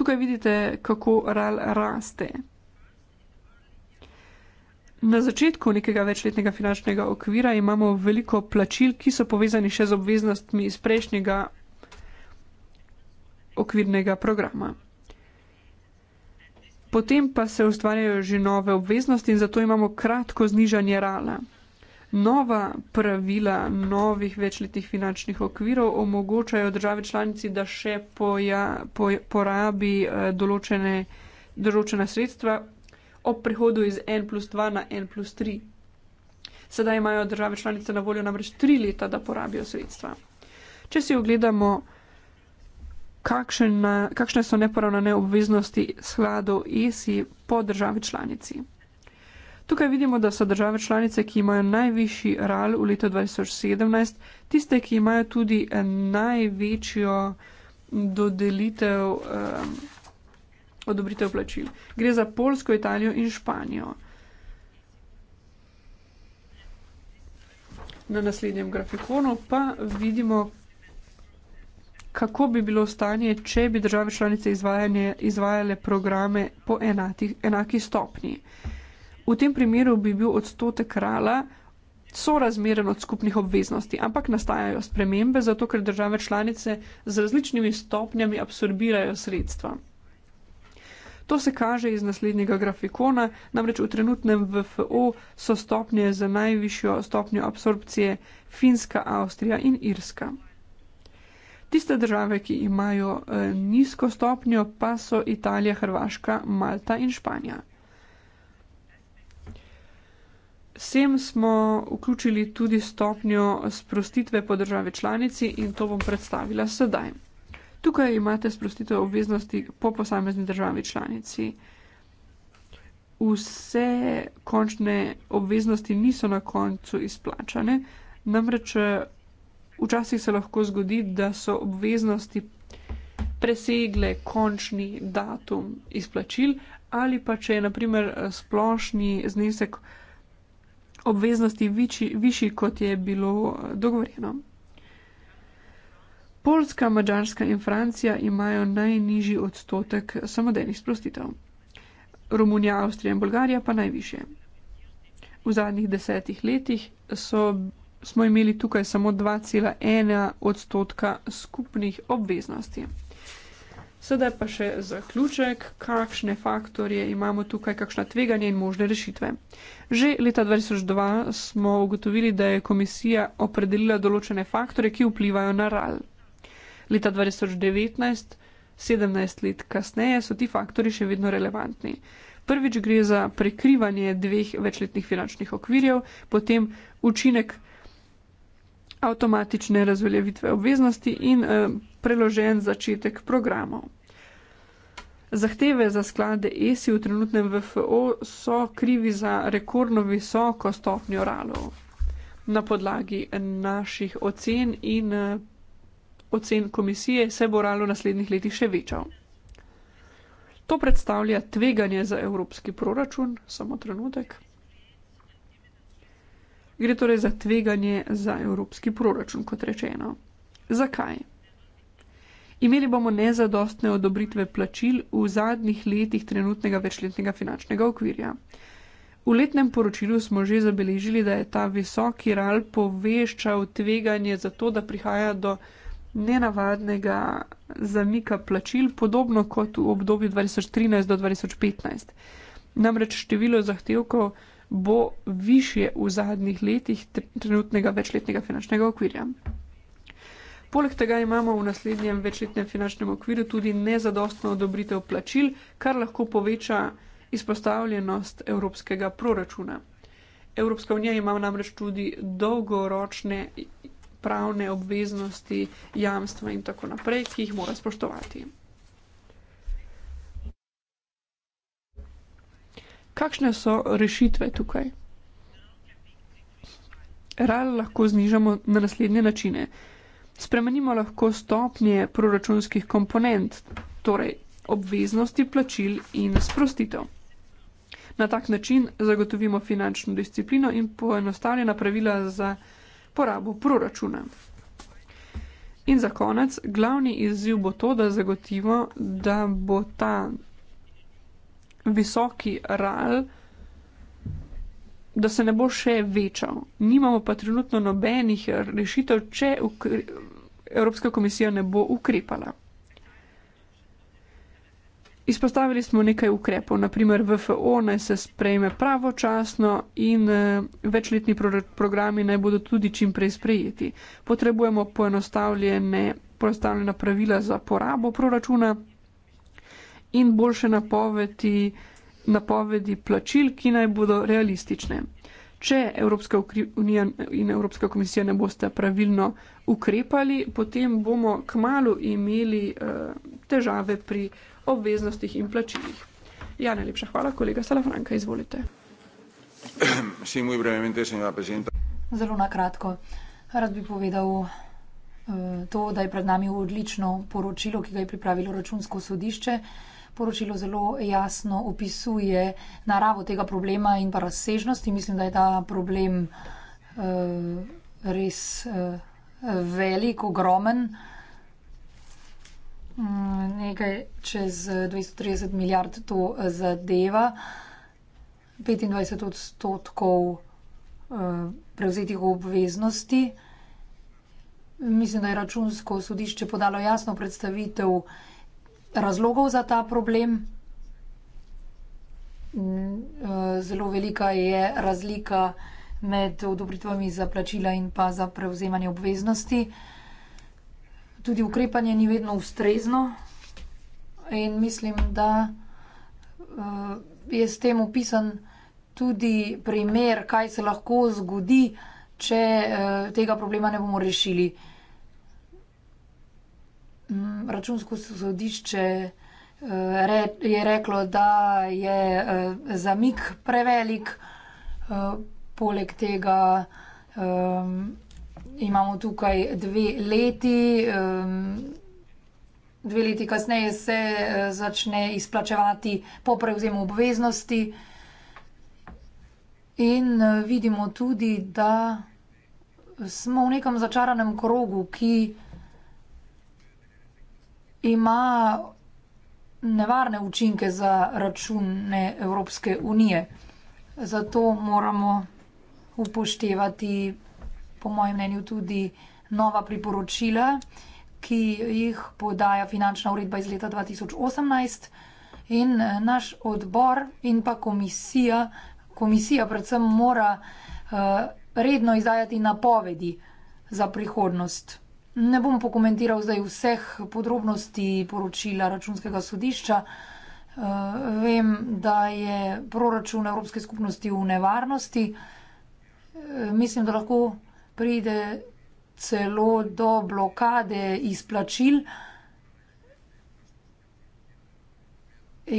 Tukaj vidite, kako RAL raste. Na začetku nekega večletnega finančnega okvira imamo veliko plačil, ki so povezani še z obveznostmi iz prejšnjega okvirnega programa. Potem pa se ustvarjajo že nove obveznosti in zato imamo kratko znižanje rala. Nova pravila novih večletih finančnih okvirov omogočajo države članici, da še poja, po, porabi eh, določene, določena sredstva ob prihodu iz N plus 2 na N plus 3. Sedaj imajo države članice na voljo namreč tri leta, da porabijo sredstva. Če si ogledamo kakšen, kakšne so neporavnane obveznosti skladov ESI po državi članici. Tukaj vidimo, da so države članice, ki imajo najvišji RAL v letu 2017, tiste, ki imajo tudi največjo dodelitev um, odobritev plačil. Gre za Polsko, Italijo in Španijo. Na naslednjem grafikonu pa vidimo, kako bi bilo stanje, če bi države članice izvajale programe po enati, enaki stopni. V tem primeru bi bil odstotek rala sorazmeren od skupnih obveznosti, ampak nastajajo spremembe, zato ker države članice z različnimi stopnjami absorbirajo sredstva. To se kaže iz naslednjega grafikona, namreč v trenutnem VFO so stopnje za najvišjo stopnjo absorpcije Finska, Avstrija in Irska. Tiste države, ki imajo eh, nizko stopnjo, pa so Italija, Hrvaška, Malta in Španija. Sem smo vključili tudi stopnjo sprostitve po državi članici in to bom predstavila sedaj. Tukaj imate sprostitev obveznosti po posamezni državi članici. Vse končne obveznosti niso na koncu izplačane, namreč Včasih se lahko zgodi, da so obveznosti presegle končni datum izplačil ali pa če je naprimer splošni znesek obveznosti viči, višji, kot je bilo dogovorjeno. Polska, Mačarska in Francija imajo najnižji odstotek samodejnih sprostitev. Romunija, Avstrija in Bolgarija pa najviše. V zadnjih desetih letih so smo imeli tukaj samo 2,1 odstotka skupnih obveznosti. Sedaj pa še zaključek, kakšne faktorje imamo tukaj, kakšna tveganja in možne rešitve. Že leta 2002 smo ugotovili, da je komisija opredelila določene faktore, ki vplivajo na RAL. Leta 2019, 17 let kasneje, so ti faktori še vedno relevantni. Prvič gre za prekrivanje dveh večletnih finančnih okvirjev, potem učinek avtomatične razveljavitve obveznosti in eh, preložen začetek programov. Zahteve za sklade ESI v trenutnem VFO so krivi za rekordno visoko stopnjo RALov. Na podlagi naših ocen in eh, ocen komisije se bo RAL v naslednjih letih še večal. To predstavlja tveganje za evropski proračun, samo trenutek. Gre torej za tveganje za evropski proračun, kot rečeno. Zakaj? Imeli bomo nezadostne odobritve plačil v zadnjih letih trenutnega večletnega finančnega okvirja. V letnem poročilu smo že zabeležili, da je ta visoki ral poveščal tveganje za to, da prihaja do nenavadnega zamika plačil, podobno kot v obdobju 2013 do 2015. Namreč število zahtevkov bo višje v zadnjih letih trenutnega večletnega finančnega okvirja. Poleg tega imamo v naslednjem večletnem finančnem okviru tudi nezadostno odobritev plačil, kar lahko poveča izpostavljenost evropskega proračuna. Evropska unija ima namreč tudi dolgoročne pravne obveznosti, jamstva in tako naprej, ki jih mora spoštovati. Kakšne so rešitve tukaj? RAL lahko znižamo na naslednje načine. Spremenimo lahko stopnje proračunskih komponent, torej obveznosti plačil in sprostitev. Na tak način zagotovimo finančno disciplino in poenostavljena pravila za porabo proračuna. In za konec, glavni izziv bo to, da zagotivimo, da bo ta visoki ral, da se ne bo še večal. Nimamo pa trenutno nobenih rešitev, če Evropska komisija ne bo ukrepala. Izpostavili smo nekaj ukrepov, naprimer VFO naj se sprejme pravočasno in eh, večletni pro programi naj bodo tudi čim prej sprejeti. Potrebujemo poenostavljene pravila za porabo proračuna, in boljše napovedi, napovedi plačil, ki naj bodo realistične. Če Evropska unija in Evropska komisija ne boste pravilno ukrepali, potem bomo k malu imeli eh, težave pri obveznostih in plačilih. Ja, najlepša hvala, kolega Salafranka, izvolite. Zelo nakratko. Rad bi povedal eh, to, da je pred nami odlično poročilo, ki ga je pripravilo računsko sodišče poročilo zelo jasno opisuje naravo tega problema in pa razsežnosti. Mislim, da je ta problem uh, res uh, velik, ogromen. Mm, nekaj čez 230 eh, milijard to zadeva, 25 odstotkov prevzetih obveznosti. Mislim, da je računsko sodišče podalo jasno predstavitev razlogov za ta problem. Zelo velika je razlika med odobritvami za plačila in pa za prevzemanje obveznosti. Tudi ukrepanje ni vedno ustrezno in mislim, da eh, je s tem opisan tudi primer, kaj se lahko zgodi, če eh, tega problema ne bomo rešili. Mm, računsko sodišče eh, je reklo, da je eh, zamik prevelik, eh, poleg tega imamo tukaj dve leti. Dve leti kasneje se začne izplačevati po prevzemu obveznosti. In vidimo tudi, da smo v nekem začaranem krogu, ki ima nevarne učinke za račune Evropske unije. Zato moramo upoštevati, po mojem mnenju, tudi nova priporočila, ki jih podaja finančna uredba iz leta 2018 in eh, naš odbor in pa komisija, komisija predvsem mora uh, redno izdajati napovedi za prihodnost. Ne bom pokomentiral zdaj vseh podrobnosti poročila računskega sodišča. Eh, vem, da je proračun Evropske skupnosti v nevarnosti. Eh, mislim, da lahko pride celo do blokade izplačil.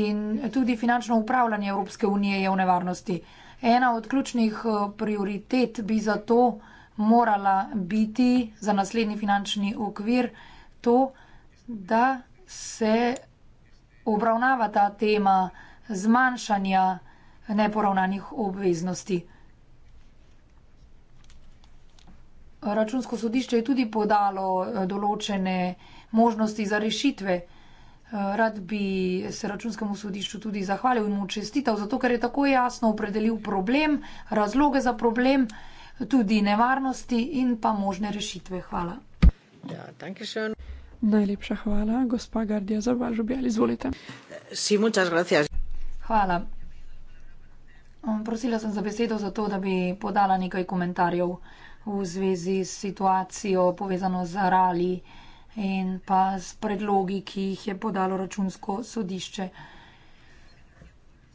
In tudi finančno upravljanje Evropske unije je v nevarnosti. Ena od ključnih eh, prioritet bi zato morala biti za naslednji finančni okvir to, da se obravnava ta tema zmanjšanja neporavnanih obveznosti. Računsko sodišče je tudi podalo eh, določene možnosti za rešitve. Eh, rad bi se računskemu sodišču tudi zahvalil in mu čestital, zato ker je tako jasno opredelil problem, razloge za problem, tudi nevarnosti in pa možne rešitve. Hvala. Ja, danke schön. Najlepša hvala, gospa Gardija, za vaš objav. Izvolite. Si, muchas gracias. Hvala. Ehm, prosila sem za besedo zato, da bi podala nekaj komentarjev v zvezi s situacijo povezano z rali in pa s predlogi, ki jih je podalo računsko sodišče.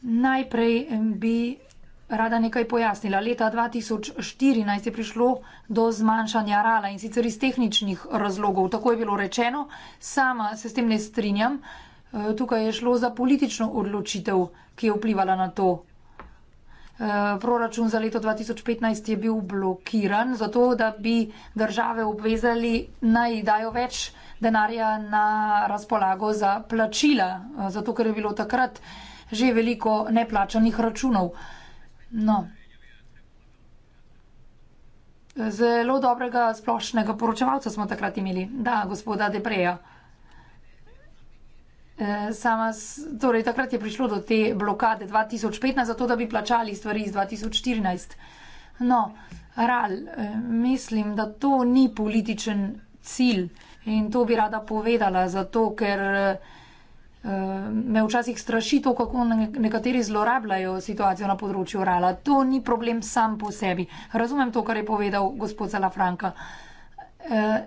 Najprej ehm, bi rada nekaj pojasnila. Leta 2014 je prišlo do zmanjšanja rala in sicer iz tehničnih razlogov. Tako je bilo rečeno, sama se s tem ne strinjam. E, tukaj je šlo za politično odločitev, ki je vplivala na to. E, proračun za leto 2015 je bil blokiran, zato da bi države obvezali naj dajo več denarja na razpolago za plačila, e, zato ker je bilo takrat že veliko neplačanih računov. No. Zelo dobrega splošnega poročevalca smo takrat imeli, da, gospoda Depreja. E, sama, torej, takrat je prišlo do te blokade 2015, zato da bi plačali stvari iz 2014. No, RAL, e, mislim, da to ni političen cilj in to bi rada povedala, zato ker. Eh, me včasih straši to, kako nekateri zlorabljajo situacijo na področju Urala. To ni problem sam po sebi. Razumem to, kar je povedal gospod Zalafranka. Eh,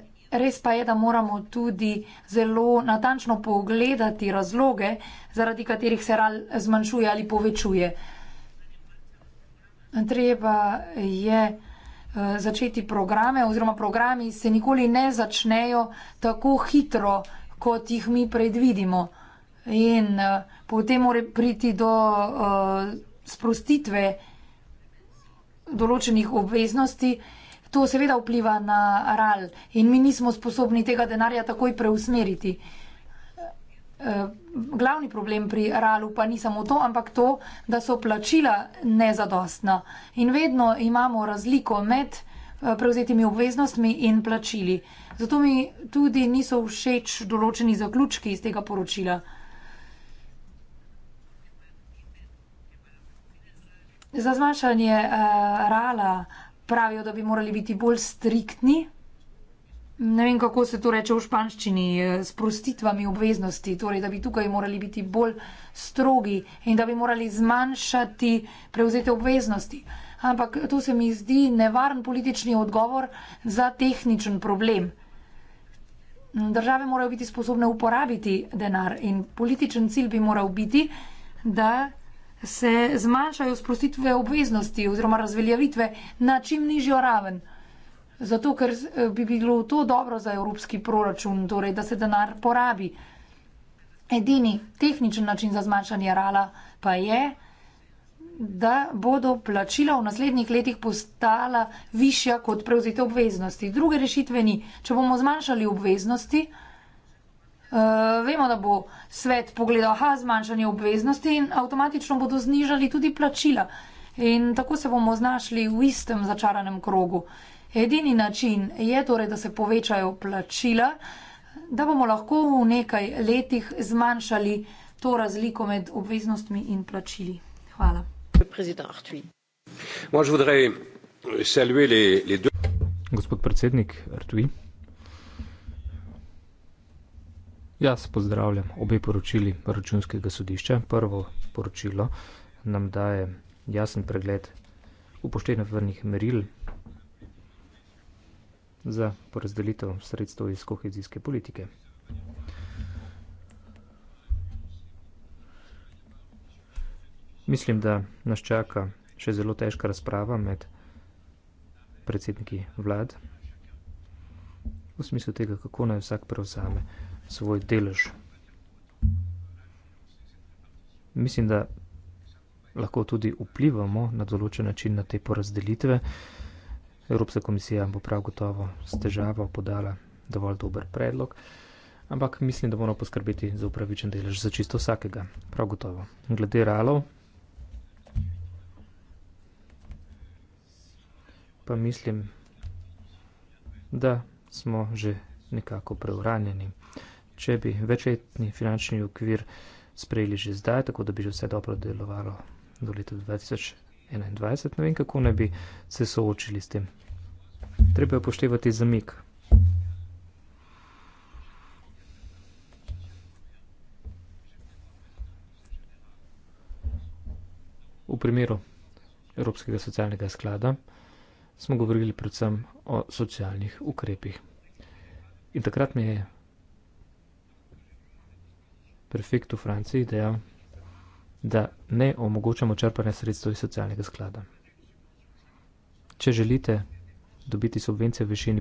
res pa je, da moramo tudi zelo natančno pogledati razloge, zaradi katerih se RAL zmanjšuje ali povečuje. Treba je eh, začeti programe oziroma programi se nikoli ne začnejo tako hitro, kot jih mi predvidimo in uh, potem mora priti do uh, sprostitve določenih obveznosti, to seveda vpliva na RAL in mi nismo sposobni tega denarja takoj preusmeriti. Eh, glavni problem pri RAL-u pa ni samo to, ampak to, da so plačila nezadostna in vedno imamo razliko med prevzetimi obveznostmi in plačili. Zato mi tudi niso všeč določeni zaključki iz tega poročila. Za zmanjšanje uh, rala pravijo, da bi morali biti bolj striktni. Ne vem, kako se to reče v španščini, eh, s prostitvami obveznosti, torej, da bi tukaj morali biti bolj strogi in da bi morali zmanjšati prevzete obveznosti. Ampak to se mi zdi nevaren politični odgovor za tehničen problem. Države morajo biti sposobne uporabiti denar in političen cilj bi moral biti, da se zmanjšajo sprostitve obveznosti oziroma razveljavitve na čim nižjo raven. Zato, ker eh, bi bilo to dobro za evropski proračun, torej, da se denar porabi. Edini tehničen način za zmanjšanje rala pa je, da bodo plačila v naslednjih letih postala višja kot prevzete obveznosti. Druge rešitve ni. Če bomo zmanjšali obveznosti, Eh, vemo, da bo svet pogledal, da je zmanjšanje obveznosti in avtomatično bodo znižali tudi plačila. In tako se bomo znašli v istem začaranem krogu. Edini način je torej, da se povečajo plačila, da bomo lahko v nekaj letih zmanjšali to razliko med obveznostmi in plačili. Hvala. Gospod predsednik, Artui. Jaz pozdravljam obe poročili računskega sodišča. Prvo poročilo nam daje jasen pregled upoštevanja vrnih meril za porazdelitev sredstev iz kohezijske politike. Mislim, da nas čaka še zelo težka razprava med predsedniki vlad v smislu tega, kako naj vsak prevzame svoj delež. Mislim, da lahko tudi vplivamo na določen način na te porazdelitve. Evropska komisija bo prav gotovo s težavo podala dovolj dober predlog, ampak mislim, da moramo poskrbeti za upravičen delež za čisto vsakega. Prav gotovo. Glede RALO, pa mislim, da smo že nekako preuranjeni če bi večletni finančni okvir sprejeli že zdaj, tako da bi že vse dobro delovalo do leta 2021, ne vem, kako ne bi se soočili s tem. Treba je upoštevati zamik. V primeru Evropskega socialnega sklada smo govorili predvsem o socialnih ukrepih. In takrat mi je prefektu Franciji dejal, da ne omogočamo črpanja sredstev iz socialnega sklada. Če želite dobiti subvencije v višini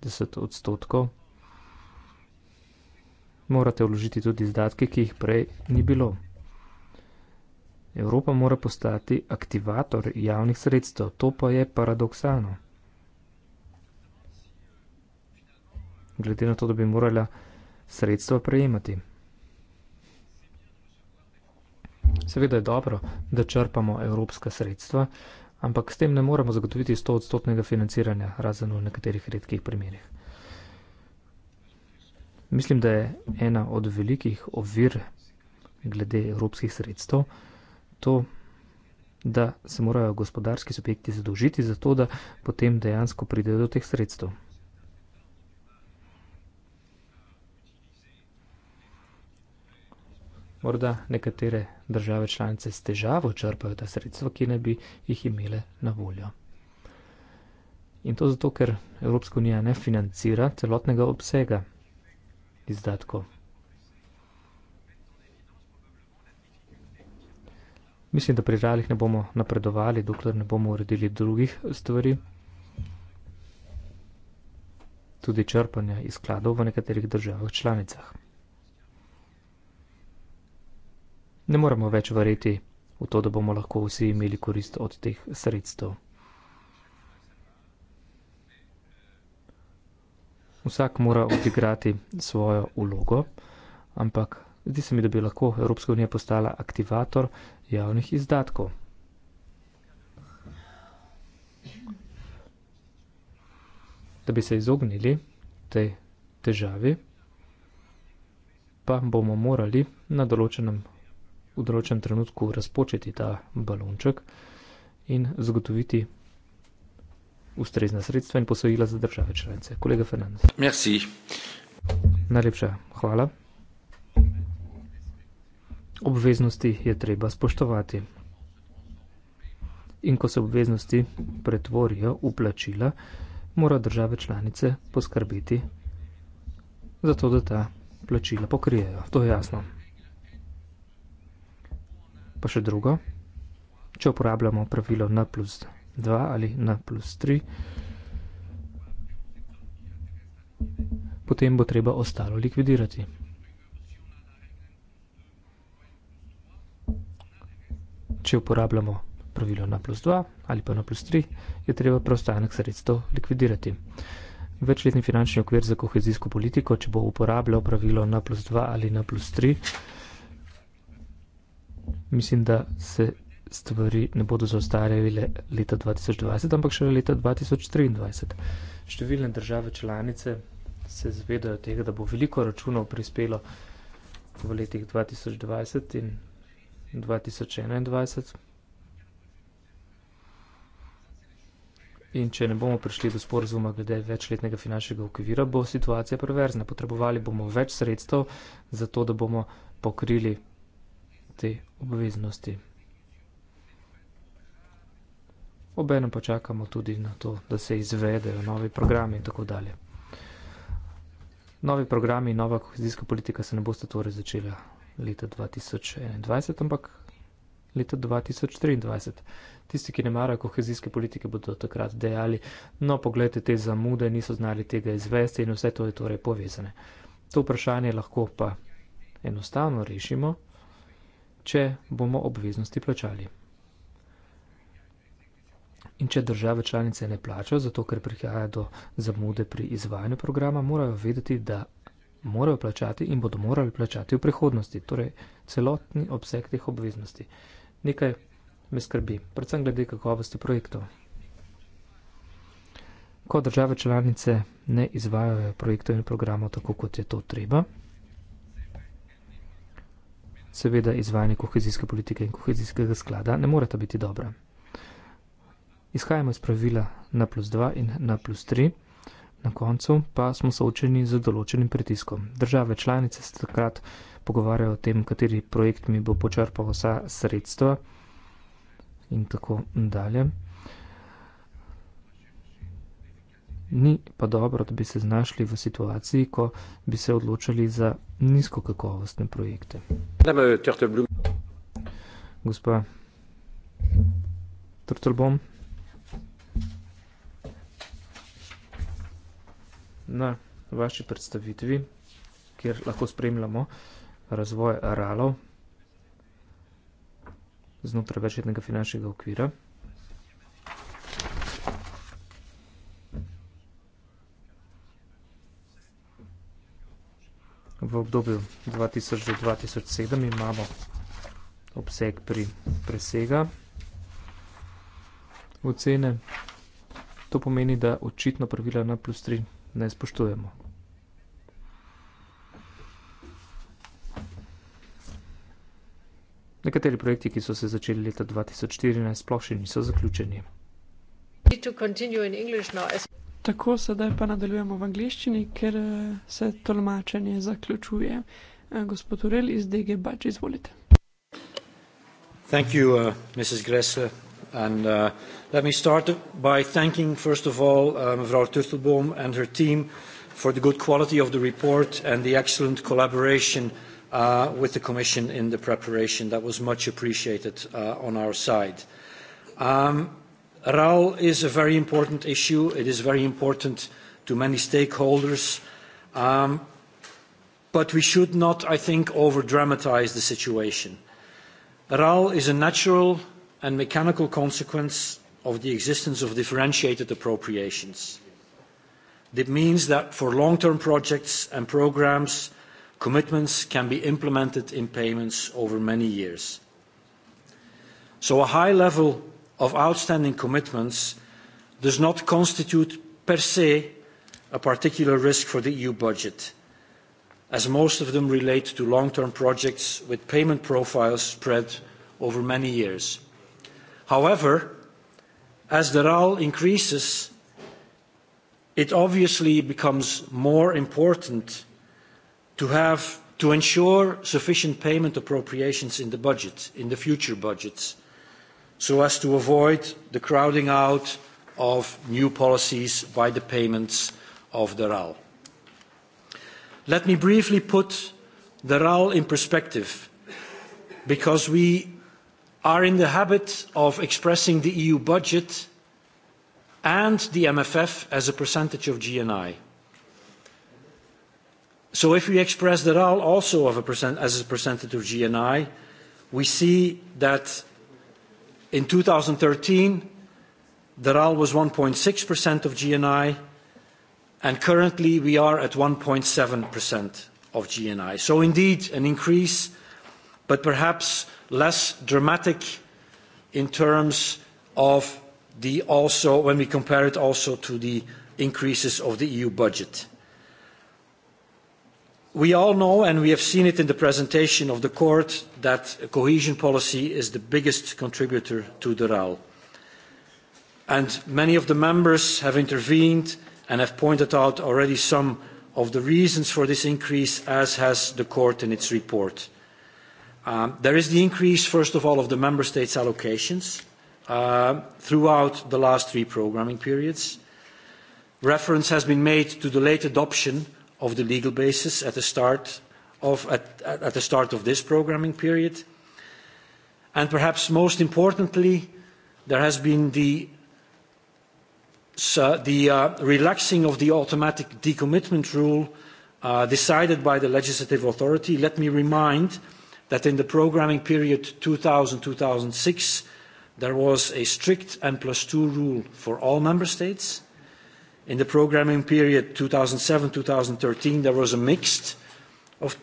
50 odstotkov, morate vložiti tudi izdatke, ki jih prej ni bilo. Evropa mora postati aktivator javnih sredstev, to pa je paradoksalno. Glede na to, da bi morala sredstva prejemati. Seveda je dobro, da črpamo evropska sredstva, ampak s tem ne moremo zagotoviti 100-odstotnega financiranja, razen v nekaterih redkih primerjih. Mislim, da je ena od velikih ovir glede evropskih sredstev to, da se morajo gospodarski subjekti zadolžiti za to, da potem dejansko pridejo do teh sredstev. morda nekatere države članice s težavo črpajo ta sredstva, ki ne bi jih imele na voljo. In to zato, ker Evropska unija ne financira celotnega obsega izdatkov. Mislim, da pri žalih ne bomo napredovali, dokler ne bomo uredili drugih stvari. Tudi črpanja iz skladov v nekaterih državah članicah. ne moremo več verjeti v to, da bomo lahko vsi imeli korist od teh sredstev. Vsak mora odigrati svojo ulogo, ampak zdi se mi, da bi lahko Evropska unija postala aktivator javnih izdatkov. Da bi se izognili tej težavi, pa bomo morali na določenem v določenem trenutku razpočeti ta balonček in zagotoviti ustrezna sredstva in posojila za države članice. Kolega Fernandez. Merci. Najlepša hvala. Obveznosti je treba spoštovati. In ko se obveznosti pretvorijo v plačila, mora države članice poskrbeti za to, da ta plačila pokrijejo. To je jasno. Pa še drugo, če uporabljamo pravilo n plus 2 ali n plus 3, potem bo treba ostalo likvidirati. Če uporabljamo pravilo n plus 2 ali pa n plus 3, je treba preostanek sredstv likvidirati. Večletni finančni okvir za kohezijsko politiko, če bo uporabljal pravilo n plus 2 ali n plus 3, mislim, da se stvari ne bodo zaostarjale leta 2020, ampak še leta 2023. Številne države članice se zvedajo tega, da bo veliko računov prispelo v letih 2020 in 2021. In če ne bomo prišli do sporozuma glede večletnega finančnega okvira, bo situacija perverzna. Potrebovali bomo več sredstev za to, da bomo pokrili te obveznosti. Obenem pa čakamo tudi na to, da se izvedejo novi programi in tako dalje. Novi programi in nova kohezijska politika se ne boste torej začela leta 2021, ampak leta 2023. Tisti, ki ne marajo kohezijske politike, bodo takrat dejali, no pogledajte te zamude, niso znali tega izvesti in vse to je torej povezane. To vprašanje lahko pa enostavno rešimo če bomo obveznosti plačali. In če države članice ne plačajo, zato ker prihaja do zamude pri izvajanju programa, morajo vedeti, da morajo plačati in bodo morali plačati v prihodnosti. Torej, celotni obseg teh obveznosti. Nekaj me skrbi, predvsem glede kakovosti projektov. Ko države članice ne izvajajo projektov in programov tako, kot je to treba, seveda izvajanje kohezijske politike in kohezijskega sklada ne moreta biti dobra. Izhajamo iz pravila na plus 2 in na plus 3. Na koncu pa smo soočeni z določenim pritiskom. Države članice se takrat pogovarjajo o tem, kateri projekt mi bo počrpal vsa sredstva in tako dalje. Ni pa dobro, da bi se znašli v situaciji, ko bi se odločili za nizkokakovostne projekte. Euh, Gospa Trtelbom. Na vaši predstavitvi, kjer lahko spremljamo razvoj RAL-ov znotraj večjetnega finančnega okvira. v obdobju 2000 do 2007 imamo obseg pri presega ocene. To pomeni, da očitno pravila na plus 3 ne spoštujemo. Nekateri projekti, ki so se začeli leta 2014, sploh še niso zaključeni. Need to continue in English now. Tako, sedaj pa nadaljujemo v angliščini, ker eh, se tolmačenje zaključuje. Eh, gospod Urel iz DG Bač, izvolite. Thank you, uh, Mrs. Gressler. And uh, let me start by thanking, first of all, uh, Mrs. Um, Tüftelbohm and her team for the good quality of the report and the excellent collaboration uh, with the Commission in the preparation. That was much appreciated uh, on our side. Um, RAL is a very important issue. It is very important to many stakeholders. Um, we should not, I think, over-dramatize the situation. RAL is a natural and mechanical consequence of the existence of differentiated appropriations. That means that for long-term projects and programs, commitments can be implemented in payments over many years. A high-level of outstanding commitments does not constitute per se a particular risk for the EU budget, as most of them relate to long-term projects with payment profiles spread over many years. However, as the RAL increases, it obviously becomes more important to, have, to ensure sufficient payment appropriations in the budget, in the future budgets, so as to avoid the crowding out of new policies by the payments of the RAL. Let me briefly put the RAL in perspective, because we are in the habit of expressing the EU budget and the MFF as a percentage of GNI. So if we express the RAL also of a percent, as a percentage of GNI, we see that In 2013, the RAL was 1.6% of GNI, and currently we are at 1.7% of GNI. So indeed, an increase, but perhaps less dramatic in terms of the also, when we compare it also to the increases of the EU budget. We all know, and we have seen it in the presentation of the court, that cohesion policy is the biggest contributor to the RAL. And many of the members have intervened and have pointed out already some of the reasons for this increase, as has the court in its report. Um, there is the increase, first of all, of the member states' allocations uh, throughout the last three programming periods. Reference has been made to the late adoption of the legal basis at the start of, at, at the start of this programming period. And perhaps most importantly, there has been the, so the uh, relaxing of the automatic decommitment rule uh, decided by the legislative authority. Let me remind that in the programming period 2000-2006, there was a strict N plus 2 rule for all member states. In the programming period 2007-2013, there was a mixed of,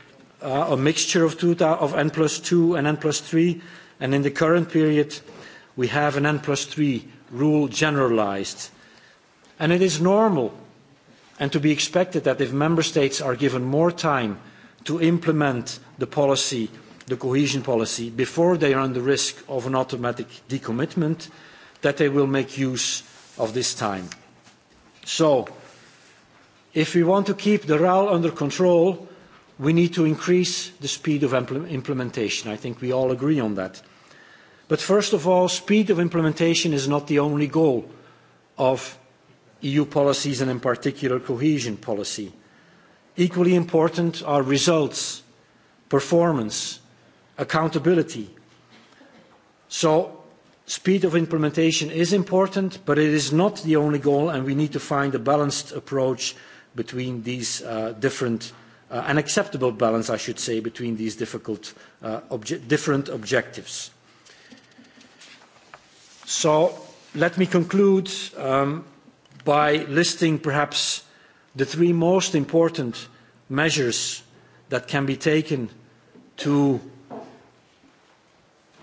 uh, a mixture of, two, of N plus 2 and N plus 3, and in the current period, we have an N plus 3 rule generalized. And it is normal and to be expected that if member states are given more time to implement the policy, the cohesion policy, before they run the risk of an automatic decommitment, that they will make use of this time. So if we want to keep the RAL under control, we need to increase the speed of implementation. I think we all agree on that. But first of all, speed of implementation is not the only goal of EU policies and in particular cohesion policy. Equally important are results, performance, accountability. So speed of implementation is important but it is not the only goal and we need to find a balanced approach between these uh, different uh, an acceptable balance i should say between these difficult uh, obje different objectives so let me conclude um, by listing perhaps the three most important measures that can be taken to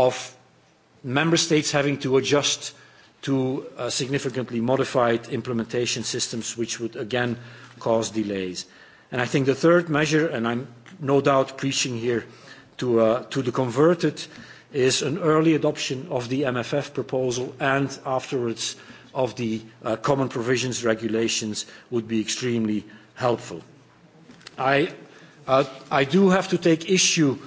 of member states having to adjust to uh, significantly modified implementation systems, which would again cause delays. And I think the third measure, and I'm no doubt preaching here to, uh, to the converted, is an early adoption of the MFF proposal and afterwards of the uh, common provisions regulations would be extremely helpful. I, uh, I do have to take issue uh,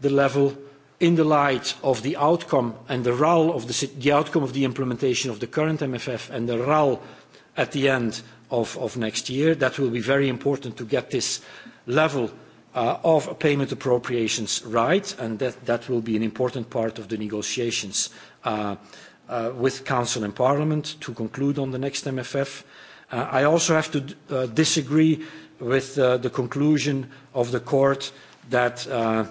the level in the light of the outcome and the RAL of the, the outcome of the implementation of the current MFF and the RAL at the end of, of next year. That will be very important to get this level uh, of payment appropriations right, and that, that will be an important part of the negotiations uh, uh, with Council and Parliament to conclude on the next MFF. Uh, I also have to uh, disagree with uh, the conclusion of the Court that uh,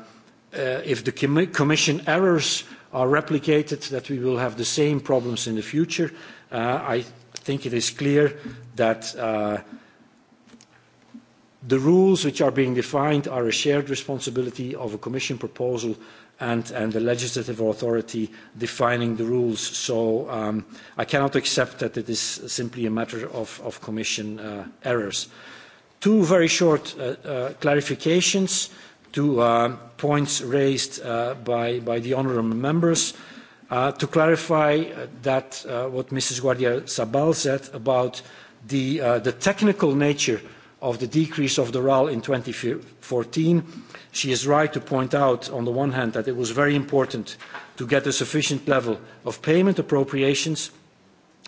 Uh, if the Commission errors are replicated, that we will have the same problems in the future. Uh, I think it is clear that uh, the rules which are being defined are a shared responsibility of a Commission proposal and, and the legislative authority defining the rules. So um, I cannot accept that it is simply a matter of, of Commission uh, errors. Two very short uh, uh, clarifications. Uh, to uh, points raised uh, by, by the honourable members. Uh, to clarify uh, that uh, what Mrs. Guardia Sabal said about the, uh, the technical nature of the decrease of the RAL in 2014, she is right to point out, on the one hand, that it was very important to get a sufficient level of payment appropriations.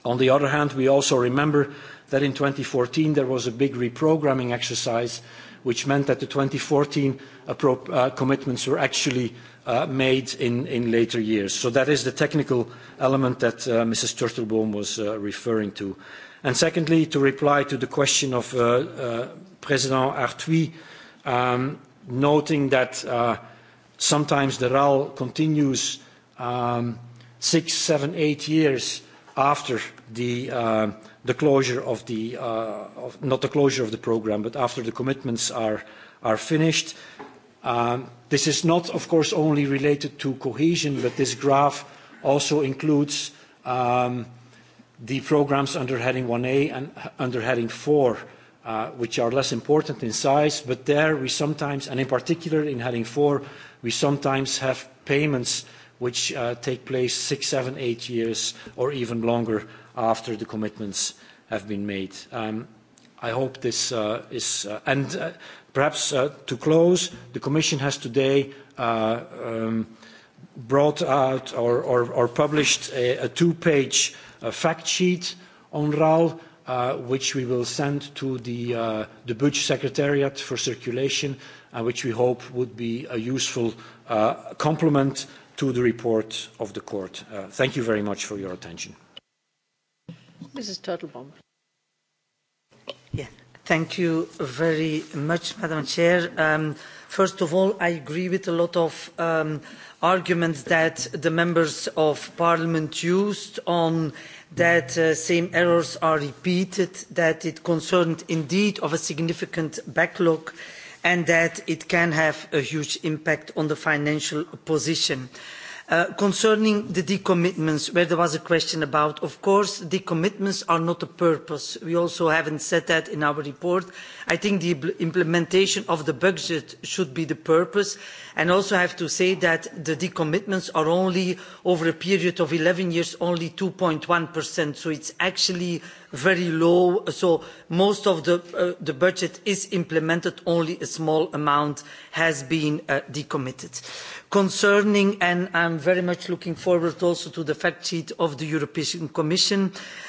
On the other hand, we also remember that in 2014 there was a big reprogramming exercise which meant that the 2014 uh, commitments were actually uh, made in, in later years. So that is the technical element that uh, Mrs. Turtlebaum was uh, referring to. And secondly, to reply to the question of uh, uh, President Artuis, um, noting that uh, sometimes the RAL continues um, six, seven, eight years uh, after uh, the closure of the, uh, of not the closure of the program, but after the commitments are finished. Um, this is not, of course, only related to cohesion, but this graph also includes um, the programs under heading 1A and under heading 4, uh, which are less important in size. But there, we sometimes, and in particular in heading 4, we sometimes have payments which uh, take place six, seven, eight years or even longer after the commitments have been made. Um, I hope this uh, is, uh, and uh, perhaps uh, to close, the Commission has today uh, um, brought out or, or, or published a, a two-page uh, fact sheet on RAL, uh, which we will send to the, uh, the Budge Secretariat for Circulation, uh, which we hope would be a useful uh, complement to the report of the court. Uh, thank you very much for your attention. Mrs. Turtlebaum. Yeah, thank you very much, Madam Chair. Um, first of all, I agree with a lot of um, arguments that the members of Parliament used on that uh, same errors are repeated, that it concerned indeed of a significant backlog and that it can have a huge impact on the financial position. Uh, concerning the decommitments, where there was a question about, of course, decommitments are not the purpose. We also haven't said that in our report i think the implementation of the budget should be the purpose and also i have to say that the decommitments are only over a period of eleven years only. two one so it's actually very low so most of the uh, the budget is implemented only a small amount has been uh, decommitted concerning and i'm very much looking forward also to the fact sheet of the european commission uh,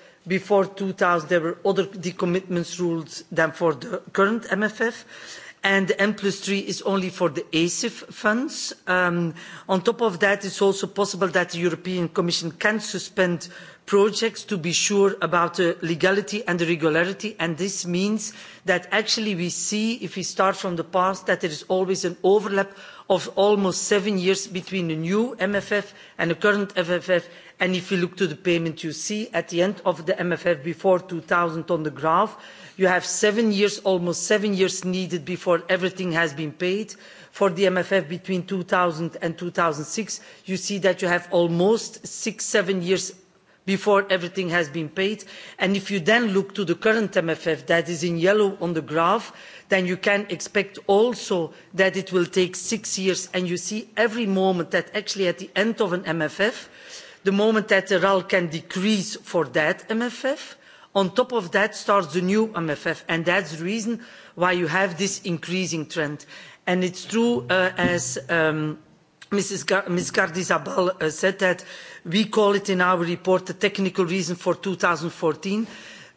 before 2000 there were other decommitments rules than for the current MFF. And M plus 3 is only for the ASIF funds. Um, on top of that, it's also possible that the European Commission can suspend projects to be sure about the legality and the regularity. And this means that actually we see, if we start from the past, that there is always an overlap of almost seven years between a new MFF and a current MFF. And if you look to the payment, you see at the end of the MFF before 2000 on the graph, you have seven years, almost seven years needed before everything has been paid. For the MFF between 2000 and 2006, you see that you have almost six, seven years before everything has been paid. And if you then look to the current MFF that is in yellow on the graph, then you can expect also that it will take six years and you see every moment that actually at the end of an MFF, the moment that the RAL can decrease for that MFF, on top of that starts the new MFF and that's the reason why you have this increasing trend. And it's true uh, as um, Mrs. Gar Ms. Gardizabal uh, said that we call it in our report the technical reason for 2014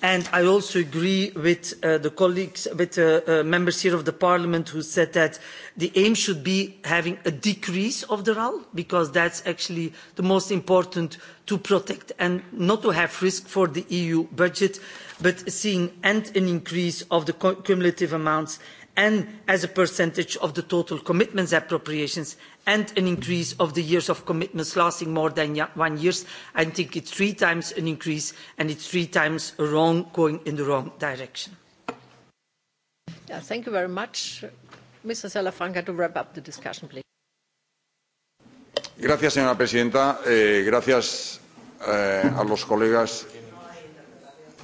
And I also agree with uh, the colleagues, with the uh, uh, members here of the parliament who said that the aim should be having a decrease of the RAL because that's actually the most important to protect and not to have risk for the EU budget, but seeing and an increase of the cumulative amounts and as a percentage of the total commitments appropriations and an increase of the years of commitments lasting more than one year. I think it's three times an increase and it's three times wrong, going in the wrong direction. Yeah, thank you very much. Mr. Salafranca, to wrap up the discussion, please. Gracias, señora presidenta. Eh, gracias eh, a los colegas.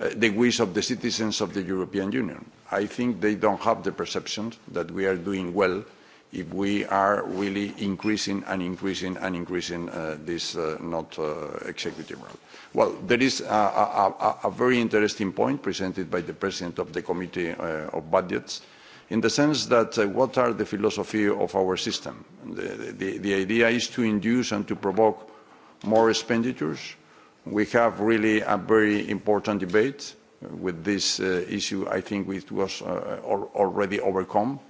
Uh, the wish of the citizens of the European Union. I think they don't have the perception that we are doing well if we are really increasing and increasing and increasing uh, this uh, not uh, executive role. Well, there is a, a, a very interesting point presented by the President of the Committee uh, of Budgets in the sense that uh, what are the philosophy of our system? The, the, the idea is to induce and to provoke more expenditures we have really a very important debate with this uh, issue. I think it was uh, al already overcome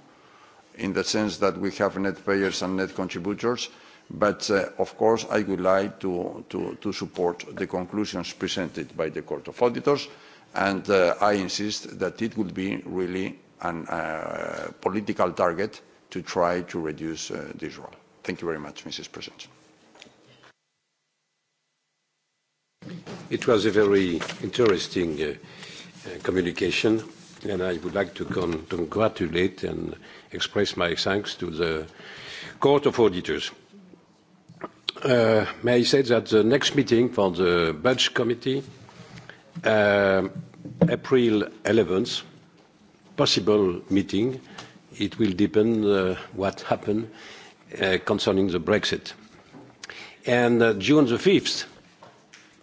in the sense that we have net payers and net contributors. But, uh, of course, I would like to, to, to support the conclusions presented by the Court of Auditors, and uh, I insist that it would be really a uh, political target to try to reduce uh, this role. Thank you very much, Mrs. President. It was a very interesting uh, uh, communication, and I would like to congratulate and express my thanks to the Court of Auditors. Uh, may I say that the next meeting for the Budget Committee, April 11th, possible meeting, it will depend what happen concerning the Brexit. June 5th,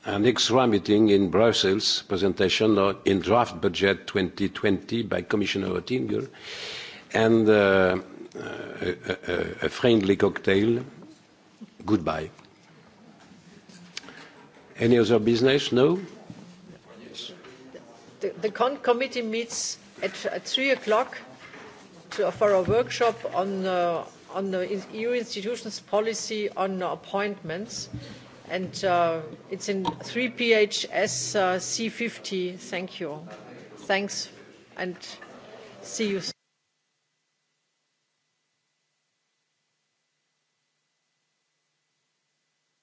an extra meeting in Brussels, presentation in draft budget 2020 by Commissioner Oettinger, and uh, a, a, a friendly cocktail. Goodbye. Any other business? No? Yes. The, the CON committee meets at, at 3 o'clock for a workshop on, uh, on the EU institutions policy on appointments. Mm -hmm and uh, it's in 3PHS uh, C50. Thank you. Thanks and see you soon.